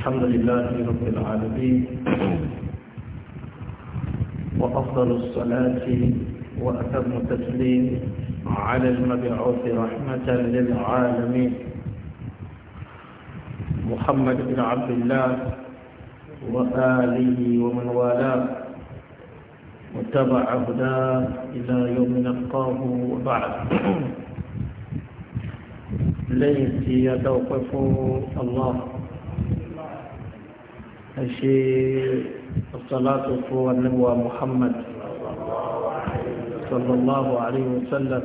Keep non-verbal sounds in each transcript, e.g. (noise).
الحمد لله رب العالمين وأفضل الصلاة وأتم التسليم على المبعوث رحمة للعالمين محمد بن عبد الله وآله ومن والاه واتبع هداه إلى يوم نلقاه وبعد ليس يتوقف الله الشيخ الصلاة هو النبوة محمد صلى الله عليه وسلم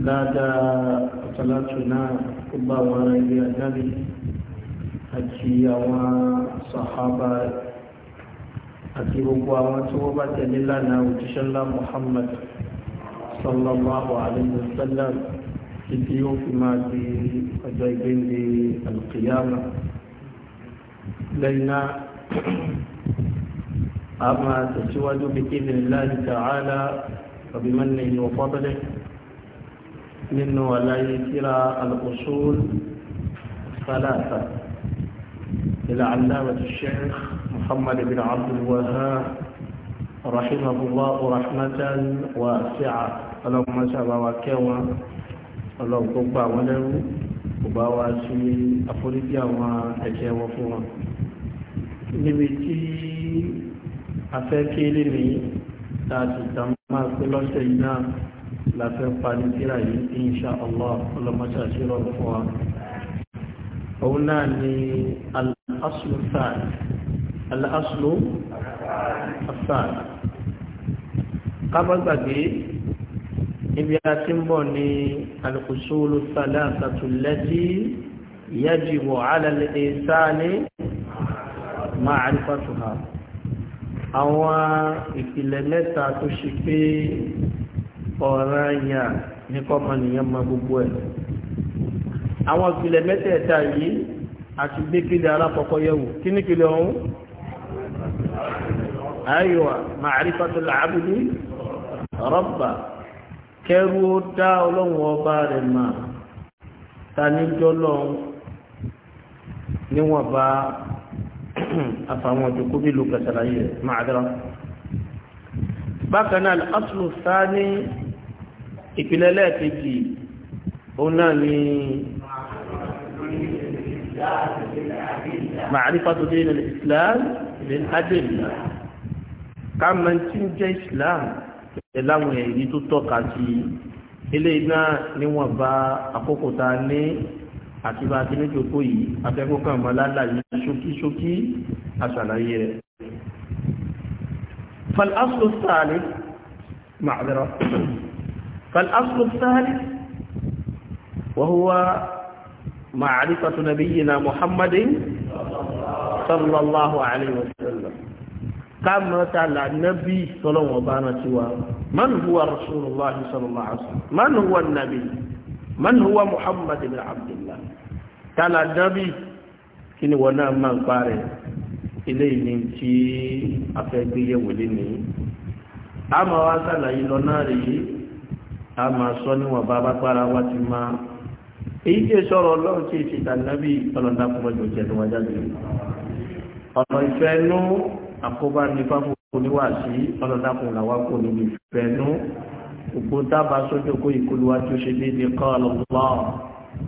لا دا صلاة هنا قبا وريبي أجلي هالشيء وصحابة أكيبوا قواما توبا تنلانا وتشلى محمد صلى الله عليه وسلم في ديوك ما دي أجايبين دي القيامة لنا أما تسود بإذن الله تعالى وبمنه وفضله منه ولا يترى الأصول ثلاثة إلى علامة الشيخ محمد بن عبد الوهاب رحمه الله رحمة واسعة اللهم سبع وكوى اللهم تبع ولو وباواسي أفريقيا وأجاوى فوق níbi tí afẹ́kéré mi láti dàmà pé lọ́sẹ̀ yìí náà láfẹ́ parí tíra yìí insha Allah ọlọ́mọṣà sí rọrùn fún wa òun náà ni al-aslu sáàdì al-aslu sáàdì kábàgbàgbé ibi a ti ń bọ̀ ní al salasatu allati yajibu ala al-insani ma'rifatuha àwọn ìpìlẹ̀ mẹ́ta tó ṣe pé ọ̀ràn yà ní kọ́mọnìyàn ma gbogbo ẹ̀ àwọn ìpìlẹ̀ mẹ́tẹ̀ẹ̀ta yìí àti gbé kílẹ̀ alákọ̀ọ́kọ́ yẹ̀wò kí ní kílẹ̀ ọ̀hún aywa ma'rifatul abdi rabba kẹrù dá ọlọ́run (clears throat) àfàwọn òjòkó bí lùkà sàlàyé ma'adara bákanáà al'aslu sáání ìpìlẹ̀ lẹ́ẹ̀kejì òun náà ni ma'rifatu din al-islam bil adilla ká mọ̀ tí ń jẹ́ islam láwọn èyí tó tọ́ka sí ilé iná níwọ̀n bá àkókò ta ní àti bá ti méjì òkú yìí afẹ́kọ́kọ́ ọmọ lálàyé ṣókíṣókí àṣàlàyé rẹ̀. فالأصل الثالث معذرة فالأصل الثالث وهو معرفة نبينا محمد صلى الله عليه وسلم كما تعالى النبي صلى الله عليه وسلم من هو رسول الله صلى الله عليه وسلم من هو النبي من هو محمد بن عبد الله tálà dábì kí ni wọ́n náà máa ń pa rẹ̀ ilé ìní tí a fẹ́ gbé yẹ̀wò léni a máa wá sàlàyé lọ náà rí a máa sọ níwọ̀n bá bá para wá ti máa èyí tí sọ̀rọ̀ ọlọ́run tí èsì ìtànábì ọlọ́dà kọmọjọ jẹ́ ní wájá lè ọ̀nà ìfẹ́ àkóbá ní fáfúnkú níwàásí ọlọ́dà kùn làwá kò níbi ìfẹ́ ògbó dábàá sójú kó ìkọlùwà tó ṣe déédéé qala Allah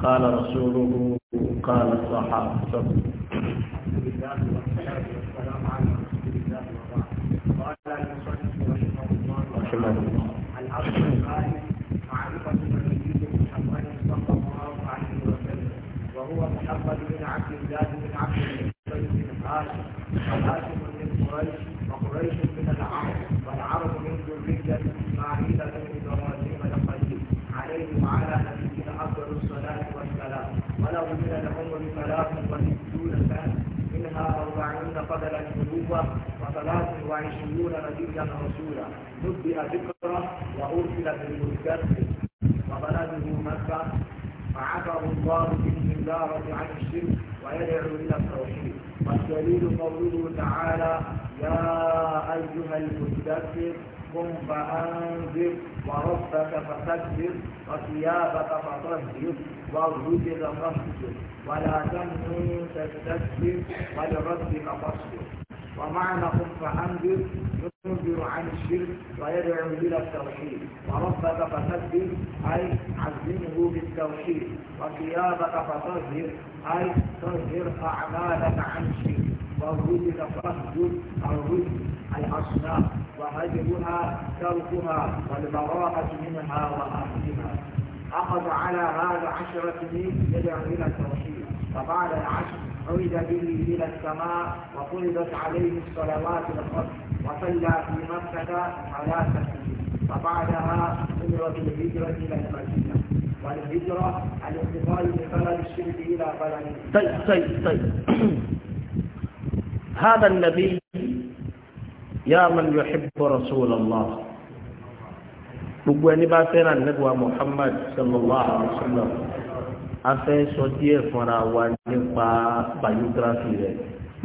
qala rasuluhu قال الصحابة رحمه الله الله بن معرفة النبي محمد صلى الله عليه وسلم وهو محمد بن عبد الله بن عبد الله بن هاشم من العمر ثلاث وستون سنة منها أربعون قبل النبوة وثلاث وعشرون نبيا رسولا نبئ ذكره وأرسل بالمدثر وبلده مكة فعفه الله الإدارة عن الشرك ويدعو إلى التوحيد والدليل قوله تعالى يا أيها المدثر قم فأنذر وربك فكبر وثيابك فطهر والرجل فاصبر ولا تمنن تستكبر ولربك فاصبر ومعنى قم فأنذر ينذر عن الشرك ويدعو إلى التوحيد وربك فكبر أي عزمه بالتوحيد وثيابك فطهر أي طهر أعمالك عن الشرك فوجد فقد الرزق وجد الأصنام وهجرها تركها والبراءة منها وأهلها أخذ على هذا عشر سنين يدعو إلى التوحيد فبعد العشر عود به إلى السماء وفرضت عليه الصلوات الخمس وصلى في مكة على سنين وبعدها أمر بالهجرة إلى المدينة والهجرة الانتقال من بلد الشرك إلى بلد طيب طيب طيب (clears throat) هذا النبي يا من يحب رسول الله gbogbo ẹni bá fẹ́ràn nígbà Muhammad sallallahu alaihi wa sallam a fẹ́ sọ díẹ̀ fúnra wa nípa biography rẹ̀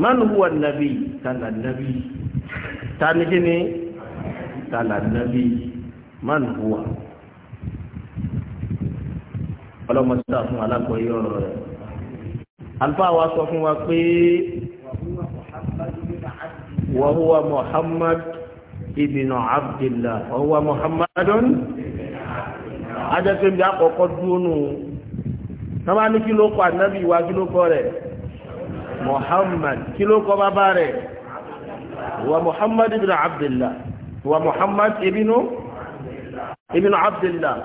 man huwa nabi tala nabi tani kini tala nabi man huwa ọlọ́mọ sí ta fún alákọ̀ọ́yé ọ̀rọ̀ rẹ̀ alfa wa sọ fún wa pé وهو محمد ابن عبد الله وهو محمد ajẹ́sẹ́ bí àkọ́kọ́ dúnú náà ní kí ló kọ ànábì wa kí ló kọ rẹ̀ Muhammad kí ló kọ bàbá rẹ̀ wa Muhammad ibn Abdullah wa Muhammad ibn ibn Abdullah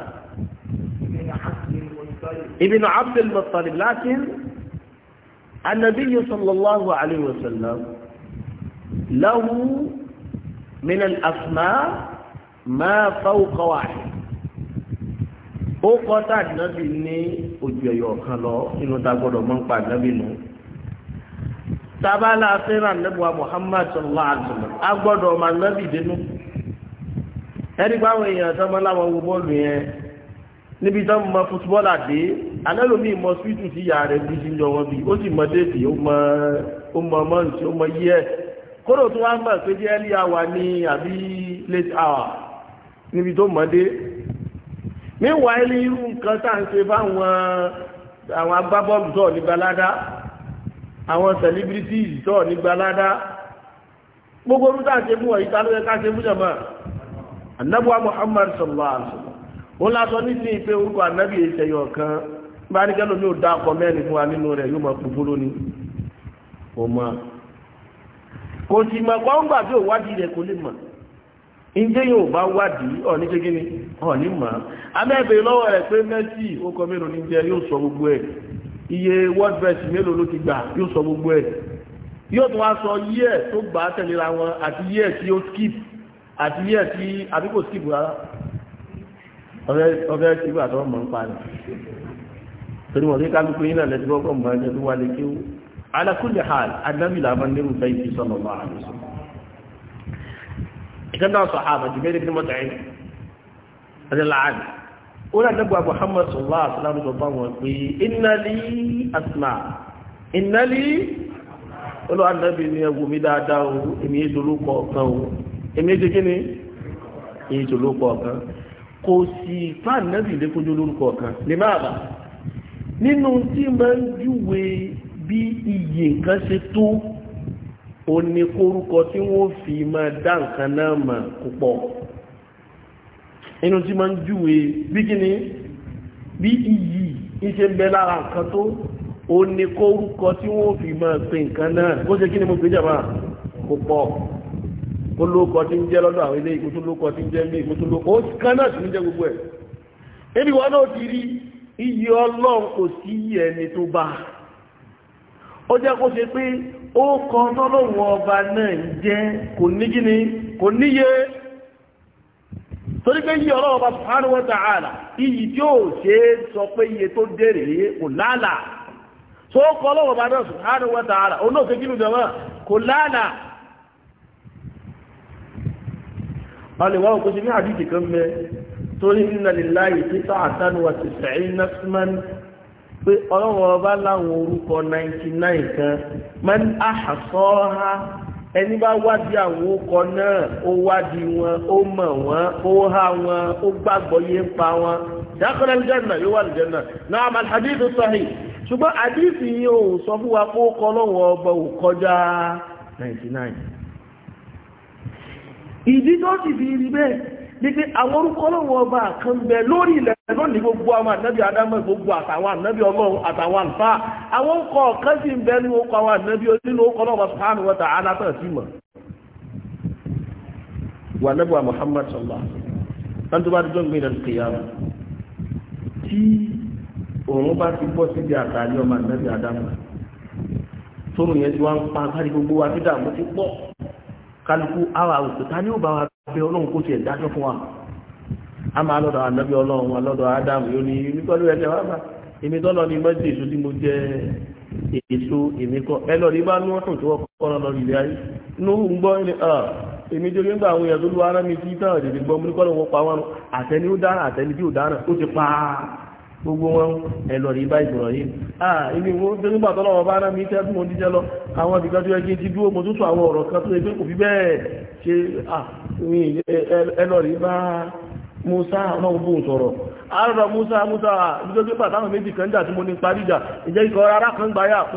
ibn Abdul Muttalib lakin النبي صلى الله عليه وسلم له من الأسماء ما فوق واحد ó kọ́ tá ànábì ní ojú ẹ̀yọ̀ kan lọ inú ta gbọ́dọ̀ mọ́ ń pa ànábì nù. tábàlà fẹ́ràn ànábì wa Muhammad sallallahu alaihi wa sallam a gbọ́dọ̀ ọmọ ànábì dénú. ẹni pé àwọn èèyàn tó máa láwọn wo bọ́ọ̀lù yẹn níbi tó mọ fútbọ́ọ̀lù àdé alẹ́lómi mọ síwítù sí ìyá rẹ̀ bí sí ń jọ wọn bí ó sì mọ déètì ó mọ ọmọ ọmọ ìṣe ó mọ yí ẹ̀ kódò tó wá ń gbà pé jẹ́ early hour ni àbí late hour níbi tó mọ̀dé meanwhile ní irú nǹkan tá à ń ṣe fáwọn àwọn agbábọ́ọ̀lù tó ní gbalada àwọn celebrities tó ní gbalada gbogbo orú tá à ń ṣe fún ọ̀yíká ló yẹ ká ṣe fún jọ̀mọ́ anabuwa Muhammad sallallahu alaihi wasallam òun lásọ ní sí pé orúkọ anabi ìṣẹ̀yọ̀ kan bá ní kẹ́lómi ò dá ọkọ̀ mẹ́rin fún wa nínú rẹ̀ yóò máa kú fúlóní kò sì mọ̀ kọ́ńgbà bí ò wádìí rẹ̀ kò lè mọ̀ ìdí yóò bá wádìí ọ̀ní ṣe gíní ọ̀ní mọ̀ amẹ́bẹ̀ lọ́wọ́ rẹ̀ pé mẹ́sì okọ̀ mélòó ní jẹ́ yóò sọ gbogbo ẹ̀ iye world best mélòó ló ti gbà yóò sọ gbogbo ẹ̀ yóò tún wá sọ yíẹ̀ tó gbà tẹ̀léra wọn àti yíẹ̀ tí ó skip àti yíẹ̀ tí àbí kò skip rárá ọ̀fẹ́ ṣe gbà tó mọ̀ ń parí torí wọn kí kálukú yín náà lẹ́tí ala kulli hal annabi la man liru bayti sallallahu alaihi wasallam idan da sahaba jubair ibn mut'im radiyallahu anhu ona nabu muhammad sallallahu alaihi wasallam tó bá wọn pé inna li asma inna li olo annabi ni ewu mi dáadáa o èmi ko kan o èmi eje kini edolo ko kan kò sí fa annabi le kojo lórúkọ kan lè má bà nínú tí máa bí iye nǹkan ṣe tó o ní kórúkọ tí wọ́n fi máa dá nǹkan náà mọ̀ púpọ̀ inú tí máa ń júwe bí kíni bí iyì iṣẹ́ ń bẹ lára nǹkan tó o ní kórúkọ tí wọ́n fi máa pe nǹkan náà ó ṣe kíni mo pè jàmá púpọ̀ ó lóko tí ń jẹ́ lọ́dọ̀ àwọn ilé ìkútú lóko tí ń jẹ́ mí ìkútú lóko ó kan náà sì ń jẹ́ gbogbo ẹ̀ ebi ọlọ́run kò sí ẹni tó bá ó jẹ́ kó ṣe pé ó kan tọ́lọ́wọ́ ọba náà jẹ́ kò ní gíní kò níye torí pé yíyọ ọlọ́wọ́ bá subhanahu wa ta'ala iyì tí ó ṣe sọ pé iye tó dèrè kò lálà tó kọ ọlọ́wọ́ ọba náà subhanahu wa ta'ala olóòfin kí lùdọ̀mọ́ kò lálà alìwá òkú sí ní n'i kan mẹ́ torí inna títà pé ọlọ́run ọba láwọn orúkọ 99 kan man ha ẹni bá wádìí àwọn orúkọ náà ó wádìí wọn ó mọ̀ wọn ó wọn ó gbàgbọ́ yé ń pa wọn dakhala aljanna yóò wà aljanna na'am alhadithu sahih ṣùgbọ́n àdìsí yìí ò sọ fún wa pé ó kọ ọba ò kọjá 99 níbi àwọn orúkọ ọlọ́run ọba kan bẹ lórí ilẹ̀ lónìí gbogbo àwọn ànábì adámọ̀ gbogbo àtàwọn ànábì ọlọ́run àtàwọn àlùfà àwọn ọkọ̀ kan sì ń bẹ nínú ọkọ̀ àwọn ànábì nínú ọkọ̀ ọlọ́run subhanahu wa ta'ala sí mọ̀ wà nábì wa Muhammad sallallahu tán tó bá dúdú gbé ìdàn kìyàmù tí òun bá ti bọ́ wa ti pé ọlọ́run kó tiẹ̀ dájọ́ fún wa a máa lọ́dọ̀ ànábì ọlọ́run alọ́dọ̀ ádámù yóò ní èmi kọ́ ló yẹ kẹ́ wá bá èmi tọ́lọ ni èso tí mo jẹ èso èmi kọ́ ẹ bá ní wọ́n tí wọ́n kọ́ ayé inú gbọ́ èmi tó gbogbo wọn ẹ̀lọ rí bá Ibrahim ah ibi wọn tó nígbà tó lọ́wọ́ bá rán mi tẹ́ tí díjẹ́ lọ àwọn ìbìkan tó n ti dúró mo tútù àwọn ọ̀rọ̀ kan tó yẹ kò fi bẹ́ẹ̀ ṣe ah ẹ̀lọ rí bá Musa náà bó sọ̀rọ̀ àárọ̀ Musa Musa méjì kan jà tí mo ní ìjẹ́ ikọ̀ ara kan gbáyà ti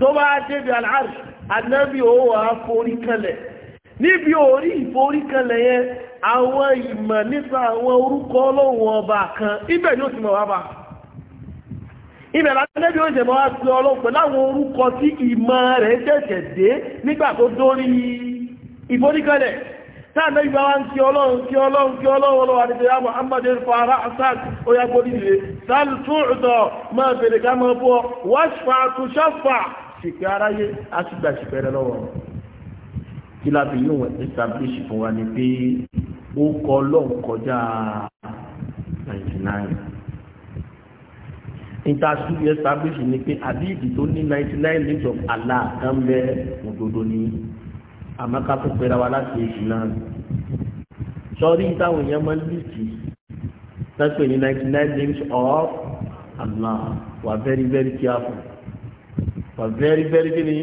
tó bá débi aláàrùn anábì ó wà forí kalẹ̀ níbi orí ìforí kalẹ̀ yẹn àwọn ìmọ̀ nípa àwọn orúkọ ọlọ́run ọba kan ibẹ̀ ni ó ti mọ̀ wá bá ibẹ̀ lánàbí ó jẹ̀mọ́ wá sí ọlọ́run pẹ̀lú àwọn orúkọ tí ìmọ̀ rẹ̀ jẹ̀jẹ̀ dé nígbà tó dórí ìforí kalẹ̀ táàmì ìgbà wá ń kí ọlọ́run ṣìkẹ́ aráyé á sì gba ṣìkẹ́ rẹ lọ́wọ́ kí láti yóò wẹ̀ establish fún wa ni pé ó kọ lọ́hùn kọjá ninety nine intercity establish ni pé àbíìdì tó ní ninety nine names of Allah kan bẹ òdodo ní àmọ́ ká tó pera wa láti èsì náà sọrí táwọn èèyàn máa ń lìtì lọ́sọ̀rọ̀ ní ninety nine names of Allah we are very very careful wà very very kí ni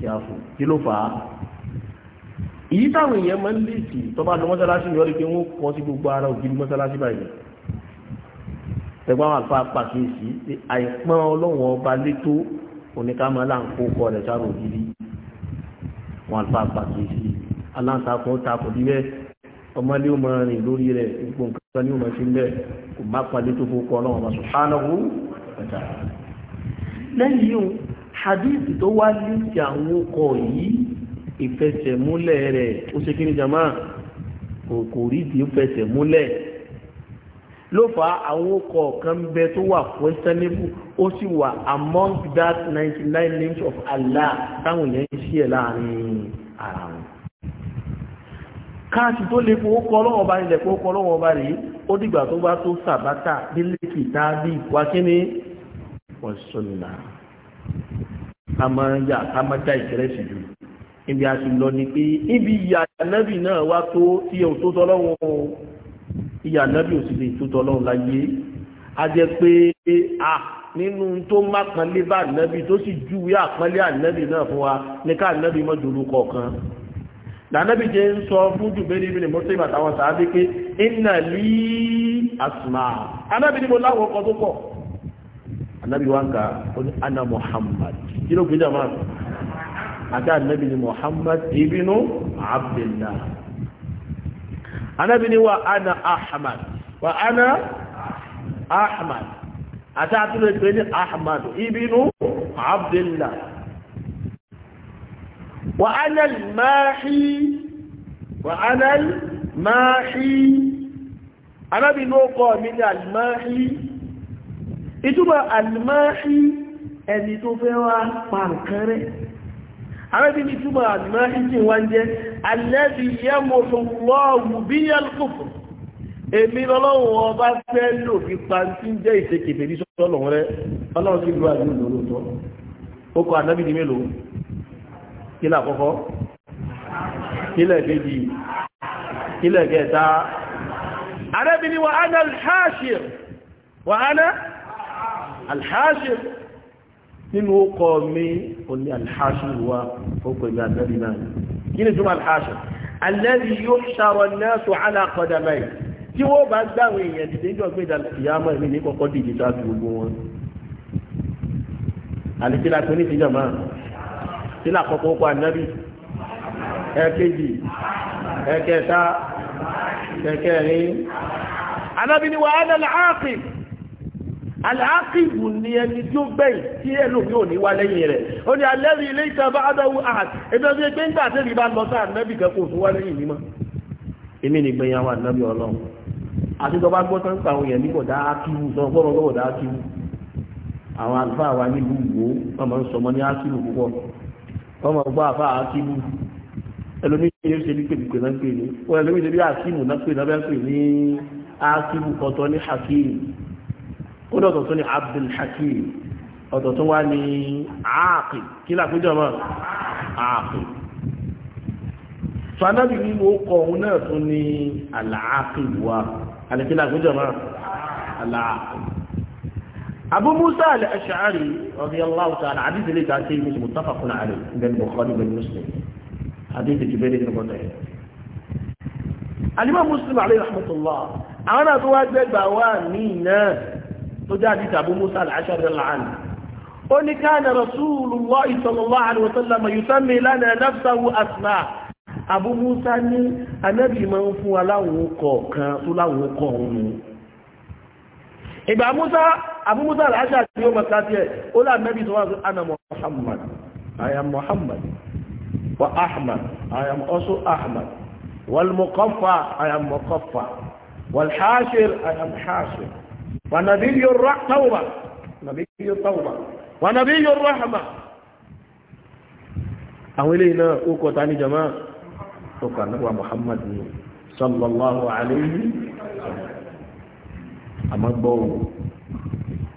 yàfù kí ló fà á èyí táwọn èèyàn máa ń lè sí tó bá lọ mọ́sálásí yọrí pé wọ́n kọ́ sí gbogbo ara ògiri mọ́sálásí báyìí tẹgbọ́n àwọn àlùfáà pàkíyèsí àìpọ́n ọlọ́wọ́n ọba létó oníkàmọ́ láǹkó kọ rẹ̀ sára ògiri wọn àlùfáà pàkíyèsí aláǹtakùn takùn bíbẹ́ ọmọlé ó máa rìn lórí rẹ̀ gbogbo nǹkan ní ọmọ sí ń bẹ́ kò bá pa létó fún kọ́ ọlọ́wọ́n ọba sùn hadith tó wá líǹkì àwọn ọkọ̀ yìí ìfẹsẹ̀múlẹ̀ rẹ̀ ó ṣe kí ni jama kò rí ti fẹsẹ̀múlẹ̀ ló fà àwọn ọkọ̀ kan bẹ tó wà questionable ó sì wà among that 99 nine names of Allah táwọn yẹn ṣí ẹ̀ láàrin ara wọn káàsì tó lè fowó kọ́ ọlọ́wọ́ bá ilẹ̀ fowó kọ́ ọlọ́wọ́ bá rèé ó dìgbà tó bá tó sàbátà délé kìtàbí wákíní wọ́n sọ̀nà amáyà amájá ìkẹrẹsì jù ibi a sì lọ ni pé ibi ìyà ànábì náà wá tó tí ò tó tọ́lọ́wọ́ ìyà ànábì ò sì lè tó tọ́lọ́wọ́ láyé a jẹ́ pé a nínú tó má kanlé bá ànábì tó sì júwé àpọ́nlé ànábì náà fún wa ní ká ànábì mọ́ jòlú kọ̀ọ̀kan lànàbì jẹ́ ń sọ fún jùbẹ́rẹ́ ibi ni mo tẹ́ ìbàtàwọn sàábé pé ìnà lí àsùnmà ànábì ni láwọn ọkọ̀ tó pọ̀ anabi wa nka ó ní ana muhammad kí ló gbé jàmá àti anabi ni muhammad ibinu abdullah anabi ni wa ana ahmad wa ana ahmad àti àtúnlẹ̀ pé ní ahmad ibinu abdullah wa ana al wa ana al-mahi anabi ló kọ́ mi ní al ìtumọ̀ alìmáṣí ẹni tó fẹ́ wá pa nǹkan rẹ̀ àrẹ́bí ní ìtumọ̀ alìmáṣí tí wọ́n jẹ́ alẹ́bí yẹ́mọ̀tò lọ́wọ́ bí yẹ́lùkùkù èmi lọ́lọ́wọ́ ọba fẹ́ lò fi pa tí ń jẹ́ ìṣekèfèrí sọ́lọ̀ ní mélòó kílà àkọ́kọ́ kílà alhashir nínú ọkọ̀ mi ò ní alhashir wa ó pẹ̀lú àgbẹ̀rì náà kí ni túnmọ̀ alhashir alladhi yuhsharu an-nasu ala qadamayhi tí wọ́n bá gbáwọn èèyàn dìde ní ọgbẹ́ ìdàlùfìyàmọ́ ìlú ní kọ́kọ́ dìde sáájú gbogbo wọn àlìkílà tó ní ti jàmá aláàkìbù ni ẹni tí ó gbẹ̀yìn tí ẹlòmí ò ní wá lẹ́yìn rẹ̀ ó ní alẹ́rí ilé ìtàbá adáwó àhàt ẹgbẹ́ bí ẹgbẹ́ ńgbà tẹ́lẹ̀ bá lọ sáà nẹ́bì kẹ́kọ̀ọ́ tó wá lẹ́yìn mímọ́ èmi ni gbẹ̀yìn àwọn ànábì ọlọ́run àti tó bá gbọ́ tán pa àwọn èèyàn ní bọ̀dá ákìwù sọ fọ́nà tó bọ̀dá ákìwù àwọn àlùfáà wa nílùú wo wọ́n máa ń sọmọ ní ákìwù púpọ̀ wọ́n máa gbọ́ àfáà ákìwù ẹlòmí yẹn ṣe ní pèpè náà pè ní wọ́n ẹlòmí ṣe bí ákìwù náà pè náà bẹ́ẹ̀ pè ní ákìwù kọ́tọ́ ní hakim ó dọ̀tọ̀ tó ní abdulhakim ọ̀tọ̀ tó wá ní ààkì kí làpéjọ mọ́ ààkì fanábì ní mo kọ òun náà tó ní àlàákì wa àlẹ́kí làpéjọ mọ́ àlàákì abu musa al-ash'ari radiyallahu ta'ala hadith ilé ta ṣe ìmúṣe muttafaqun alayh àwọn àti wá wà ní náà تجادت أبو موسى العشر للعالم قل كان رسول الله صلى الله عليه وسلم يسمي لنا نفسه أسماء أبو موسى النبي منفو على وقوك على وقوك إبا موسى أبو موسى العشر يوم الثلاثية قل النبي صلى الله عليه وسلم أنا محمد I am Muhammad wa Ahmad I am also Ahmad wal muqaffa I am muqaffa wal hashir ونبي التوبة نبي التوبة ونبي الرحمة أولينا أوكو تاني جماعة أوكو نبوى محمد صلى الله عليه أما بو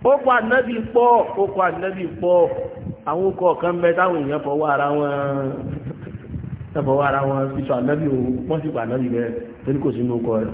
أوكو النبي بو أوكو النبي بو àwọn okọ̀ kan bẹ táwọn èèyàn fọwọ́ ara wọn fọwọ́ ara wọn sísọ ànábì òun wọ́n sì pa ànábì bẹ́ẹ̀ torí kò sínú okọ̀ rẹ̀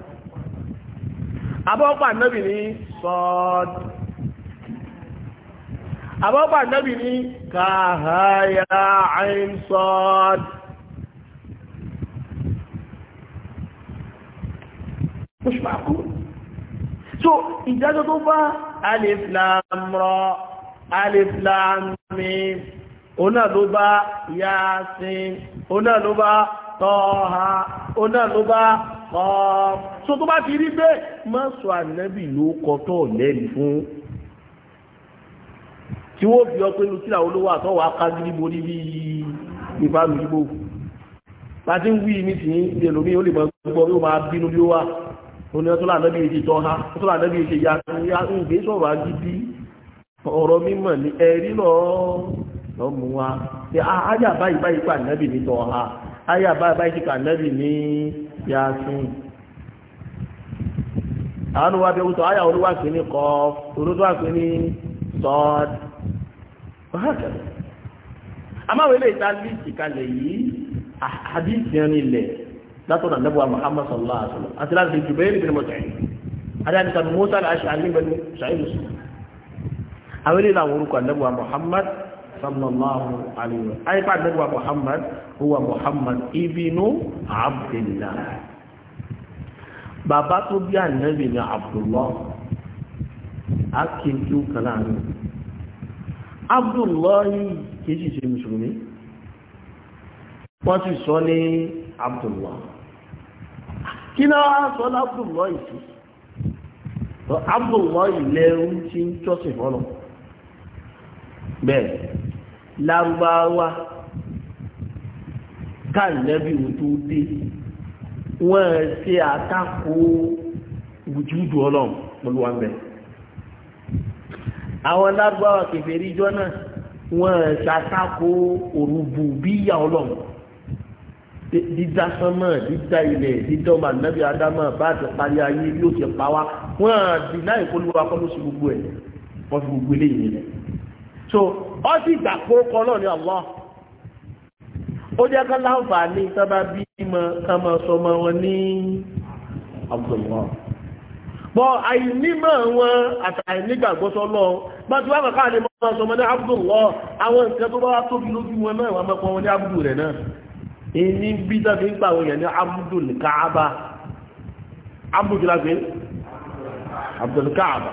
abọ́pà nẹ́bì ní sọ́ọ̀d abọ́pà nẹ́bì ní kàhàyà àìn sọ́ọ̀d mọ́ṣùpàkú so ìdájọ́ tó bá alif lam ra alif lam mim ọ̀nà ló bá Yasin ọ̀nà ló bá Tọ́ha ọ̀nà ló bá àkọ́ so tó bá ti rí bẹ́ẹ̀ má sọ ànábì ló kọtọ́ lẹ́nu fún tí wọ́n fi ọpẹ́ lu tíra olówó àtọ́wọ́ akágírí borí bí ìfà lùdíbò láti ń wí ní si ilé lómi ó lè mọ yóò máa bínú bí ó ya ìgbé sọ̀rọ̀ agidi ọ̀rọ̀ mímọ̀ ní ẹ̀rí wa ayé àbáyé báyìí pa ànábì ní tọ́ ha ayé àbáyé báyìí pa yasin àwọn olùwà bí wùtọ̀ àyà olùwà sí ní kọ́ olùtọ́ àpé ní sọ́ọ̀d ọ̀hákẹ́rẹ́ amáwé lè ta líìsì kalẹ̀ yìí àdìsí ah, ẹni ilẹ̀ látọ̀nà nẹ́bùwà Muhammad sallallahu alaihi wa sallam àti láti Jubayr ibn Mut'im adáni kan Musa al-Ash'ari pẹ̀lú ṣàìlùsù àwọn ilé làwọn orúkọ nẹ́bùwà Muhammad sallallahu alayhi wa sallam aipa nabi wa muhammad huwa muhammad ibnu abdullah bàbá tó bí ànábì ní abdullah akintu kalaani abdullah kìí sì ṣe mùsùlùmí wọ́n ti sọ ní abdullah kí náà sọ ní abdullah yìí abdullah yìí lẹ́rú tí ń jọ́sìn fọ́lọ́ bẹ́ẹ̀ lárúbáwá káàlẹ́bí ò tó dé wọ́n ṣe àtakò wùjúdù ọlọ́run pẹ̀lú wọn bẹ̀ àwọn lárúbáwá kèfèrí jọ náà wọ́n ṣe àtakò òrùbù bíyà ọlọ́run dídá sánmọ̀ dídá ilẹ̀ dídọ́mà nàbí adámọ̀ bá ti parí ayé bí ó ti pa wá wọ́n dì láì polówó akọ́lóṣù gbogbo ẹ̀ wọ́n fi gbogbo eléyìí rẹ̀ so ọ sì gbà pé ó náà ní Allah ó jẹ́ ká ní sábà bí mọ ká máa sọ ọmọ wọn ní Abdullah bọ́ àìnímọ̀ wọn àtàìnígbàgbọ́ sọ́lọ́ bá ti ní máa sọ ọmọ ní Abdullah àwọn nǹkan tó bá wá tóbi lójú wọn náà wà mẹ́kọ́ wọn ní Abdu rẹ̀ náà ìní bí ń èèyàn ní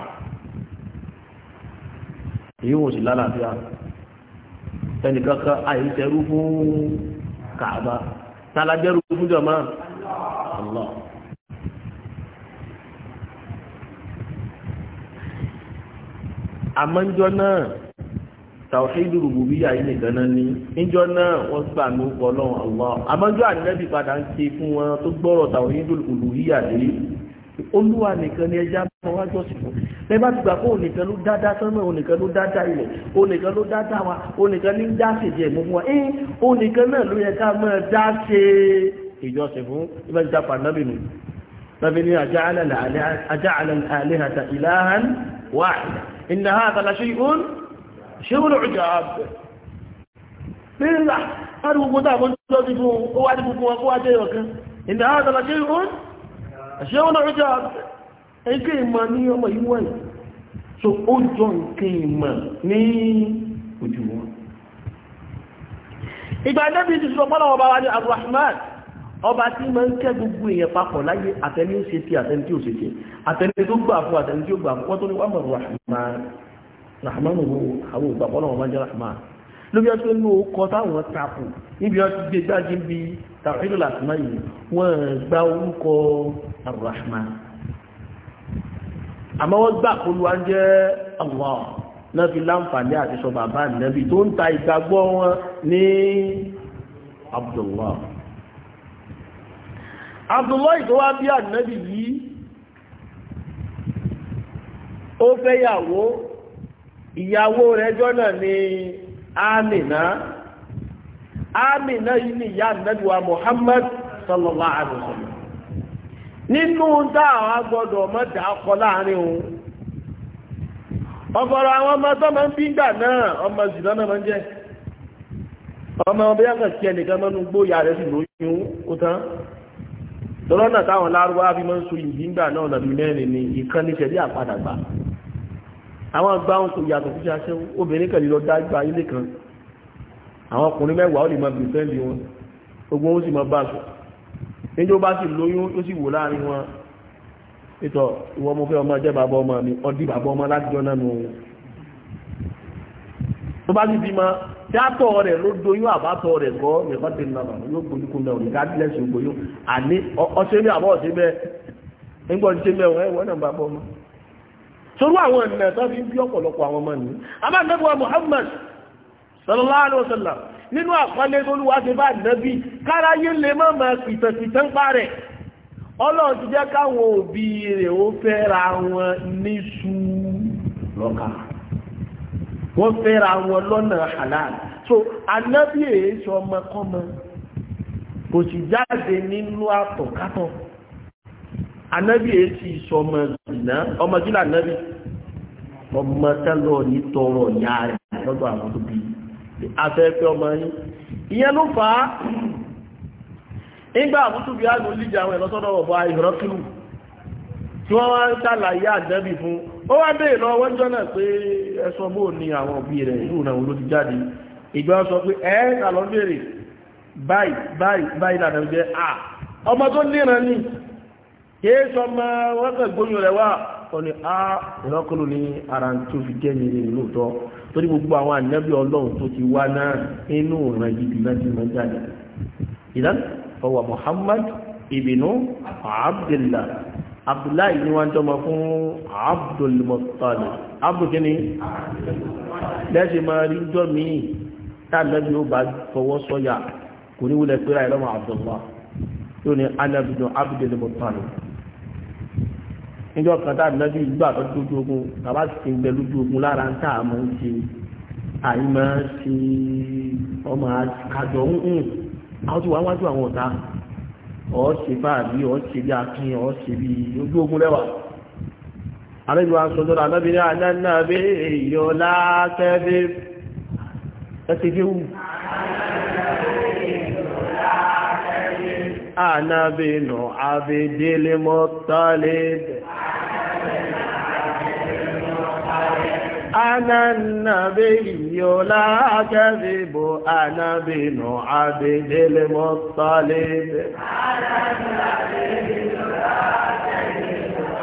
èyí wò sí lálàáfíà ẹnìkankan àìsẹ̀rú fún kààbà tàlájẹ́rú fún jọmọ́ Allah àmọ́njọ́ náà tàwọ̀hídù rùbùbíyà yìí nìkan náà ní níjọ́ náà wọ́n gbà ní ọlọ́run Allah àmọ́njọ́ àdínẹ́bì padà ń ké fún wọn tó gbọ́rọ̀ tàwọ̀hídù rùbùbíyà yìí olúwa nìkan ni ẹja mọ́ wá jọ́sìn fún lẹ́bá ti gbà pé onìkan ló dáadáa sánmọ̀ onìkan ló dáadáa ilẹ̀ onìkan ló dáadáa wa onìkan ní dáṣe jẹ́ mọ́ wọn ẹ́ onìkan náà ló yẹ ká mọ́ dáṣe ìjọsìn fún ibà ti dápa nábì nù nábì ní aja'ala al-alihata ilahan wahida inna hadha la shay'un shay'un 'ujab nígbà láti gbogbo dáàbò tó ti gbogbo wọn àṣẹ wọn náà jẹ́ ẹgbẹ́ ìmọ̀ ní ọmọ ìwọ̀n so ó jọ nǹkan ìmọ̀ ní ojú wọn ìgbà nẹ́bí ti sọ pọ́lọ̀ ọba wa ní abdulrahman ọba tí ma ń kẹ́ gbogbo èèyàn papọ̀ láyé àtẹni ó ṣe tí àtẹni tí ó ṣe tí àtẹni tó gbà fún àtẹni tí ó gbà fún wọ́n tó ní wọ́n mọ̀ rahman rahman owó àwọn ògbà pọ́lọ̀ ọba jẹ́ rahman ló bí ọtún ló kọ táwọn tapò níbi ọtún gbé gbájú bí tàwílù làtúmọ̀ yìí wọ́n gba orúkọ Ar-Rahman àmọ́ wọ́n gbà polúwa jẹ́ Allah náà fi láǹfààní àti sọ bàbá Ànábì tó ń ta ìgbàgbọ́ wọn ní Abdullah Abdullah tó wá bí Ànábì yìí ó fẹ́yàwó ìyàwó rẹ̀ jọ́nà ní Amina Amina yìí ni ìyá ànábìwá Muhammad sallallahu alaihi wasallam nínú dáhà gbọdọ̀ mọ́dà ọkọ̀ láàrin òun ọ̀gọ̀rọ̀ àwọn ọmọ tó máa ń bí gbà náà ọmọ ìsìnà náà máa ń jẹ́ ọmọ ọmọ yàgà sí ẹnìkan mọ́nú gbóyà rẹ̀ sì lóyún ó tán lọ́nà táwọn lárúbáwá fi máa ń so ìdí náà nàbí mẹ́rin ni ìkan àwọn àgbà wọn kò yàtọ̀ sí ṣaṣẹ́ obìnrin kẹ̀lú lọ dágbà ilé kan àwọn ọkùnrin mẹ́wàá ó lè máa bìí fẹ́ẹ̀lì wọn gbogbo ó sì máa bá aṣọ níjó bá sì lóyún ó sì wò láàrin wọn nítọ̀ ìwọ mo fẹ́ ọmọ jẹ́ bàbá ọmọ mi ọdí bàbá ọmọ látijọ́ náà nù tó bá sì bí ma dátọ̀ rẹ̀ ló doyún àbátọ̀ rẹ̀ gọ́ nípa tẹ̀lé náà yóò gbójúkún torú àwọn ènìyàn tó fi ń bí ọ̀pọ̀lọpọ̀ àwọn ọmọ nìyí abáàdẹ́bùwà Muhammad sallallahu alaihi wasallam nínú àpálẹ́ tó lúwà ti bá nẹ́bí káráyé lè má máa pìtàpìtà ń pa rẹ̀ ọlọ́run ti káwọn òbí rẹ̀ ó fẹ́ra anábì èsì ìṣọmọ ìná ọmọ sílẹ̀ anábì ọmọ tẹ́lọ ní tọrọ ìyá rẹ̀ lọ́dọ̀ àwọn tó bí afẹ́fẹ́ ọmọ yìí ìyẹn ló fà á nígbà àbútú bí ágbò líjà àwọn ẹ̀lọ́sọ́dọ̀ ọ̀bọ̀ ìrọ́kìlù tí wọ́n wá ń ṣàlàyé àdẹ́bì fún ó wá bèèrè lọ wọ́n jọ́nà pé ẹsọ bó ní àwọn òbí rẹ̀ ìlú ìrànwọ́ ló ti jáde ìgbà sọ pé ẹ́ kàlọ́ bèèrè báyìí báyìí báyìí làdàbí jẹ́ à ọmọ tó níran ní yéé sọ ma wọ́n kàn gbóyún rẹ̀ wá wọ́n ni a ìrọ́kùnrin ní ara tó fi jẹ́ yìnyín ní lóòótọ́ torí gbogbo àwọn ànábì ọlọ́run tó ti wá náà inú ìran yìí bí láti máa jáde ìdá ọwọ́ Muhammad ibnu Abdullah Abdullahi ni wọ́n jọmọ fún Abdul Muttalib abdulkini lẹ́sìn máa rí jọ́ míì táàlẹ́bí ó bá fọwọ́ sọ́yà kò ní wúlẹ̀ pé ra ìlọ́mọ Abdullah yóò ní anábìnú Abdul Muttalib níjọ́ kan tá àdínájú ìgbà tó lójú ogun bàbá sì ti ń bẹ lójú ogun lára ń tà mọ́ ń ṣe àìmọ́ ṣe ọmọ àjọ ń hùn àwọn tó wà wájú àwọn ọ̀tá ọ̀ ṣe fáàbí ọ̀ ṣe bí akin ọ̀ ṣe bí ojú ogun lẹ́wà àlejò àṣọjọ́ra lọ́bìnrin àjánàbẹ́ ìyọ́lá kẹ́bẹ́ ẹ̀ṣẹ̀gẹ́wù أنا بن عبد المطلب أنا النبي لا كذب أنا بن عبد المطلب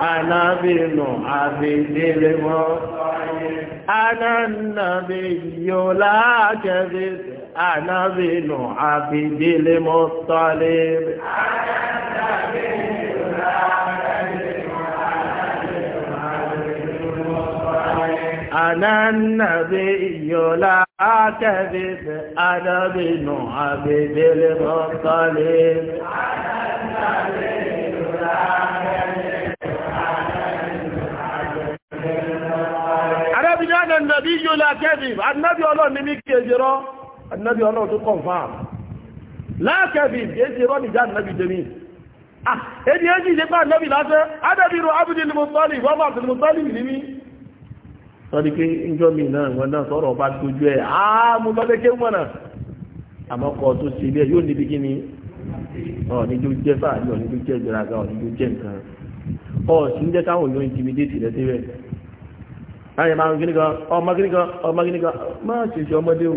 أنا بن عبد المطلب أنا النبي لا كذب أنا بن عبد المطلب أنا بن عبد المطلب أنا النبي لا أكذب أنا بن عبد المطلب أنا النبي لا أكذب أنا بن عبد المطلب أنا بن عبد المطلب أنا بن عبد المطلب ànábì ọlọ́run tó confam láàkẹ́bì èsì rọ́nìjà ànábì jẹ́mi ah, èdè èjì ìṣe bá ànábì lásán adẹ́bìrò abúdìlì mọ́tọ́lì wọ́n bá tìlì mọ́tọ́lì ní mí sọ́dí pé ìjọ mi náà wọn náà sọ̀rọ̀ bá dojú ẹ̀ á ah, mú lọ́lé ké mọ̀nà àmọ́ tó ṣe ilé yóò níbi kí ni ọ̀nìjó jẹ́ fàájì ọ̀nìjó jẹ́ ìgbéraga jẹ́ nǹkan ọ̀sì ń jẹ́ káwọn intimidate rẹ̀ síbẹ̀ máa ń ọmọ ọmọ ṣèṣe ọmọdé o